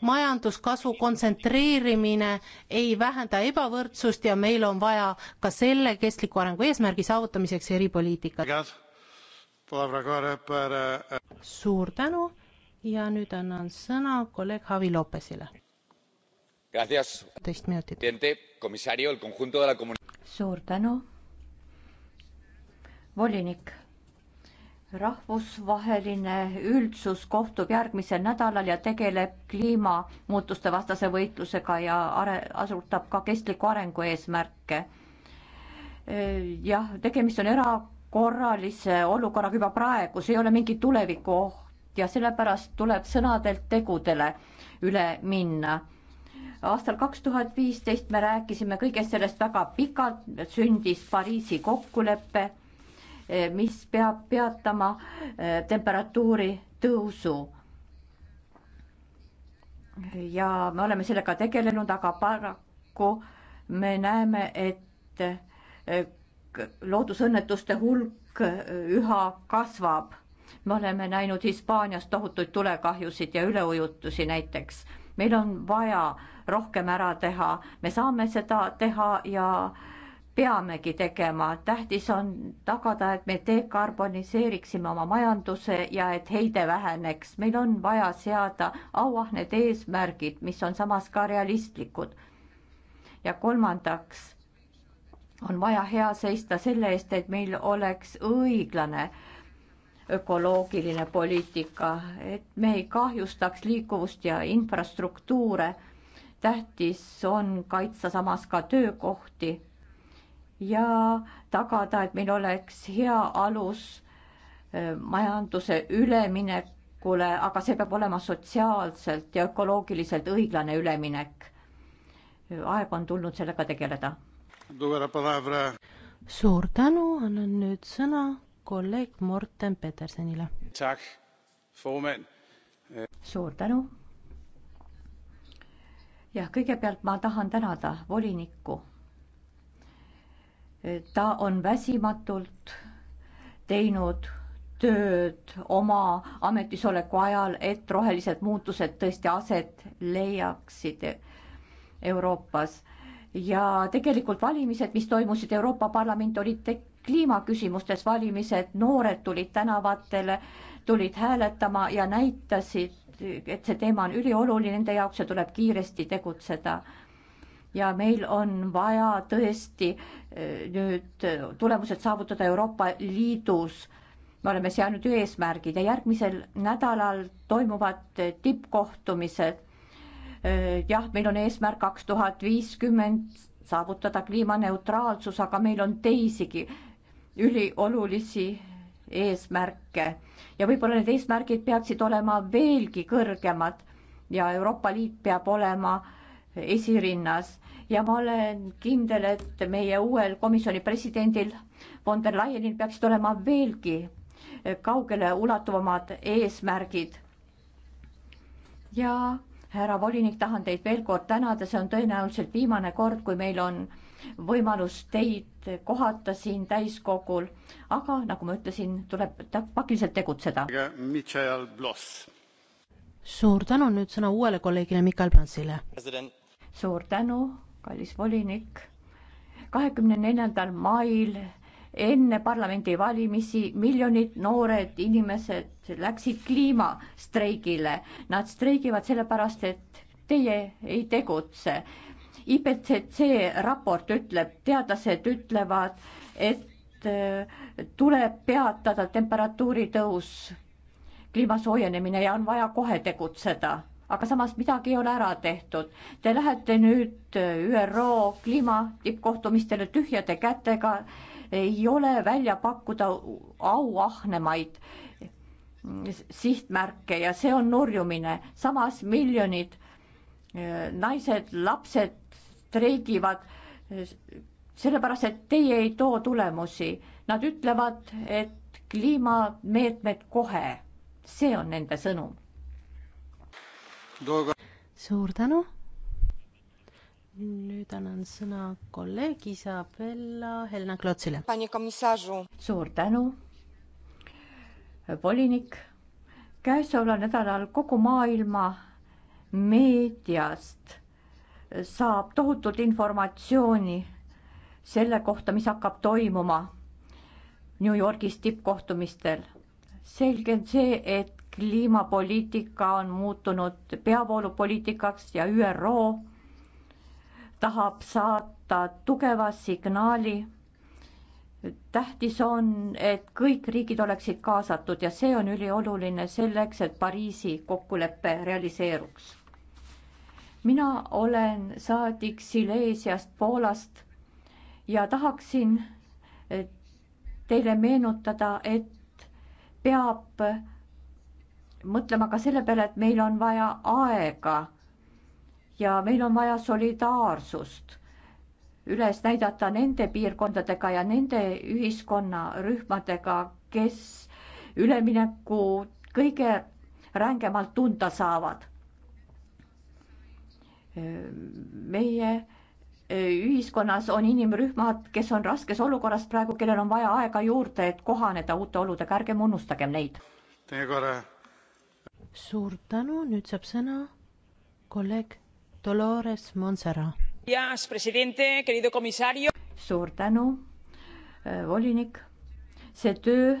S4: majanduskasvu kontsentreerimine ei vähenda ebavõrdsust ja meil on vaja ka selle kestliku arengu eesmärgi saavutamiseks eripoliitikat. suur tänu ja nüüd annan sõna kolleeg Javi Lopesile. teist minutit. suur tänu,
S3: volinik rahvusvaheline üldsus kohtub järgmisel nädalal ja tegeleb kliimamuutuste vastase võitlusega ja are-, asutab ka kestliku arengu eesmärke. jah, tegemist on erakorralise olukorraga juba praegu, see ei ole mingi tulevikuoht ja sellepärast tuleb sõnadelt tegudele üle minna aastal kaks tuhat viisteist me rääkisime kõigest sellest väga pikalt, sündis Pariisi kokkulepe Eh, mis peab peatama eh, temperatuuri tõusu ja me oleme sellega tegelenud, aga paraku me näeme, et eh, loodusõnnetuste hulk üha kasvab. me oleme näinud Hispaanias tohutuid tulekahjusid ja üleujutusi näiteks. meil on vaja rohkem ära teha, me saame seda teha ja äh, peamegi tegema. tähtis on tagada, et me dekarboniseeriksime oma majanduse ja et heide väheneks. meil on vaja seada auahned eesmärgid, mis on samas ka realistlikud. ja kolmandaks on vaja hea seista selle eest, et meil oleks õiglane ökoloogiline poliitika, et me ei kahjustaks liikuvust ja infrastruktuure. tähtis on kaitsta samas ka töökohti ja tagada, et meil oleks hea alus äh, majanduse üleminekule, aga see peab olema sotsiaalselt ja ökoloogiliselt õiglane
S4: üleminek. aeg on tulnud sellega tegeleda. suur tänu, annan nüüd sõna kolleeg Morten Petersonile. suur tänu.
S3: jah, kõigepealt ma tahan tänada volinikku ta on väsimatult teinud tööd oma ametisoleku ajal, et rohelised muutused tõesti aset leiaksid Euroopas. ja tegelikult valimised, mis toimusid Euroopa Parlamenti, olid kliimaküsimustes valimised, noored tulid tänavatele, tulid hääletama ja näitasid, et see teema on ülioluline nende jaoks ja tuleb kiiresti tegutseda ja meil on vaja tõesti eh, nüüd tulemused saavutada Euroopa Liidus. me oleme seadnud ju eesmärgid ja järgmisel nädalal toimuvad tippkohtumised. Eh, jah, meil on eesmärk kaks tuhat viiskümmend saavutada kliimaneutraalsus, aga meil on teisigi üliolulisi eesmärke ja võib-olla need eesmärgid peaksid olema veelgi kõrgemad ja Euroopa Liit peab olema äh, esirinnas ja ma olen kindel, et meie uuel komisjoni presidendil von der Leyenil peaksid olema veelgi kaugele ulatuvamad eesmärgid. ja härra volinik, tahan teid veel kord tänada, see on tõenäoliselt viimane kord, kui meil on võimalus teid kohata siin täiskogul, aga nagu ma ütlesin, tuleb pakiliselt tegutseda.
S4: suur tänu, nüüd sõna uuele kolleegile Mikael Plansile. president suur tänu, kallis volinik. kahekümne neljandal
S3: mail enne parlamendivalimisi miljonid noored inimesed läksid kliimastreigile. Nad streigivad sellepärast, et teie ei tegutse. IPCC raport ütleb, teadlased ütlevad, et äh, tuleb peatada temperatuuri tõus, kliima soojenemine ja on vaja kohe tegutseda aga samas midagi ei ole ära tehtud. Te lähete nüüd ÜRO kliima tippkohtumistele tühjade kätega, ei ole välja pakkuda auahnemaid sihtmärke ja see on nurjumine, samas miljonid eh, naised, lapsed streigivad eh, sellepärast, et teie ei too tulemusi. Nad ütlevad, et kliimameetmed kohe,
S4: see on nende sõnum suur tänu. nüüd annan sõna kolleeg Isabella Helna Klotsile. suur tänu. volinik,
S3: käesoleval nädalal kogu maailma meediast saab tohutut informatsiooni selle kohta, mis hakkab toimuma New Yorgis tippkohtumistel. selge on see, et kliimapoliitika on muutunud peavoolupoliitikaks ja ÜRO tahab saata tugeva signaali. tähtis on, et kõik riigid oleksid kaasatud ja see on ülioluline selleks, et Pariisi kokkulepe realiseeruks. mina olen saadik Silesiast Poolast ja tahaksin teile meenutada, et peab mõtlema ka selle peale, et meil on vaja aega ja meil on vaja solidaarsust üles näidata nende piirkondadega ja nende ühiskonnarühmadega, kes ülemineku kõige rängemalt tunda saavad. meie ühiskonnas on inimrühmad, kes on raskes olukorras praegu, kellel on vaja aega juurde, et kohaneda uute oludega, ärgem unustagem neid.
S1: Teie korra
S4: suur tänu, nüüd saab sõna kolleeg Dolores Monsera. suur tänu,
S3: äh, volinik. see töö,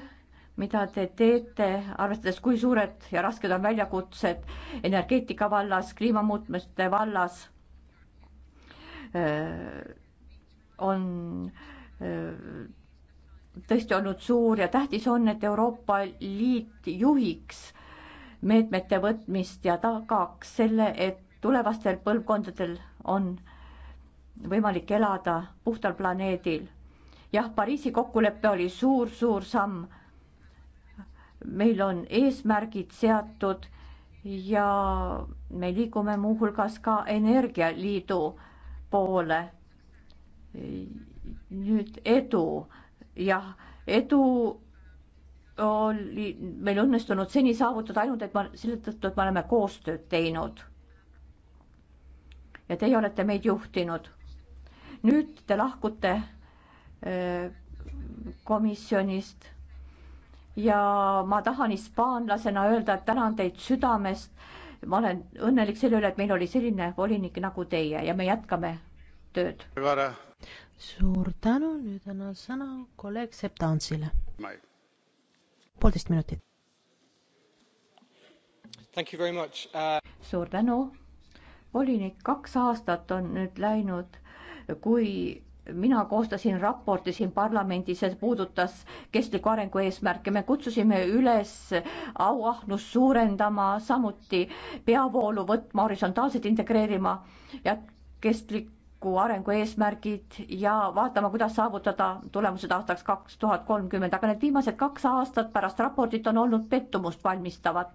S3: mida te teete, arvestades, kui suured ja rasked on väljakutsed energeetika vallas, kliimamuutmiste vallas, äh, on äh, tõesti olnud suur ja tähtis on, et Euroopa Liit juhiks meetmete võtmist ja tagaks selle, et tulevastel põlvkondadel on võimalik elada puhtal planeedil. jah, Pariisi kokkulepe oli suur-suur samm. meil on eesmärgid seatud ja me liigume muuhulgas ka Energialiidu poole. nüüd edu, jah, edu oli meil õnnestunud seni saavutada ainult, et ma selle tõttu, et me oleme koostööd teinud. ja teie olete meid juhtinud. nüüd te lahkute öö, äh, komisjonist ja ma tahan hispaanlasena öelda, et tänan teid südamest. ma olen õnnelik selle üle, et meil oli selline volinik
S4: nagu teie ja me jätkame tööd. suur tänu, nüüd annan sõna kolleeg Sepp Taansile poolteist minutit.
S1: Uh,
S4: suur tänu. volinik,
S3: kaks aastat on nüüd läinud, kui mina koostasin raporti siin parlamendis, see puudutas kestliku arengu eesmärke, me kutsusime üles auahnust suurendama, samuti peavoolu võtma, horisontaalselt integreerima ja kestlik tuleviku arengueesmärgid ja vaatama, kuidas saavutada tulemused aastaks kaks tuhat kolmkümmend, aga need viimased kaks aastat pärast raportit on olnud pettumust valmistavad.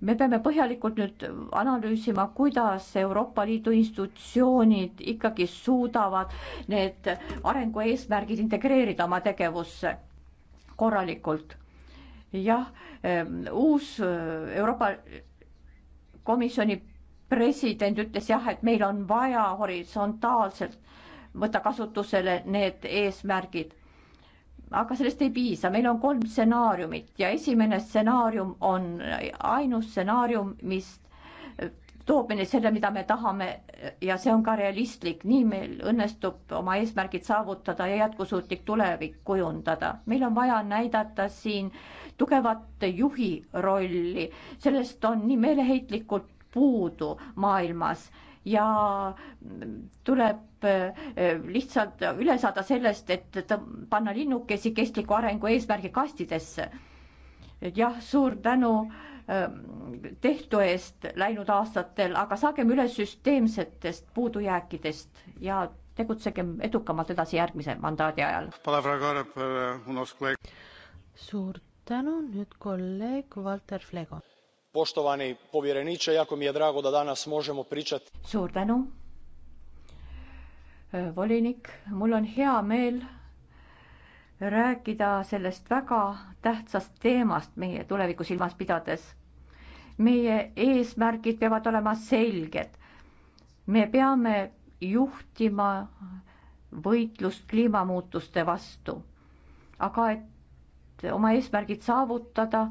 S3: me peame põhjalikult nüüd analüüsima, kuidas Euroopa Liidu institutsioonid ikkagi suudavad need arengueesmärgid integreerida oma tegevusse korralikult. jah, ehm, uus ehm, Euroopa Komisjoni president ütles jah, et meil on vaja horisontaalselt võtta kasutusele need eesmärgid. aga sellest ei piisa, meil on kolm stsenaariumit ja esimene stsenaarium on ainus stsenaarium, mis toob meile selle, mida me tahame ja see on ka realistlik, nii meil õnnestub oma eesmärgid saavutada ja jätkusuutlik tulevik kujundada. meil on vaja näidata siin tugevat juhi rolli, sellest on nii meeleheitlikult puudu maailmas ja tuleb eh, lihtsalt üle saada sellest, et panna linnukesi kestliku arengu eesmärgi kastidesse. jah, suur tänu eh, tehtu eest läinud aastatel, aga saagem üle süsteemsetest puudujääkidest ja tegutsegem edukamalt edasi järgmise mandaadi
S1: ajal. Eh,
S4: suur tänu, nüüd kolleeg Valter Flego
S1: poštovani povjereniče jako mi je drago da danas možemo pričati.
S3: suur tänu, äh, volinik, mul on hea meel rääkida sellest väga tähtsast teemast meie tulevikku silmas pidades. meie eesmärgid peavad olema selged. me peame juhtima võitlust kliimamuutuste vastu. aga et oma eesmärgid saavutada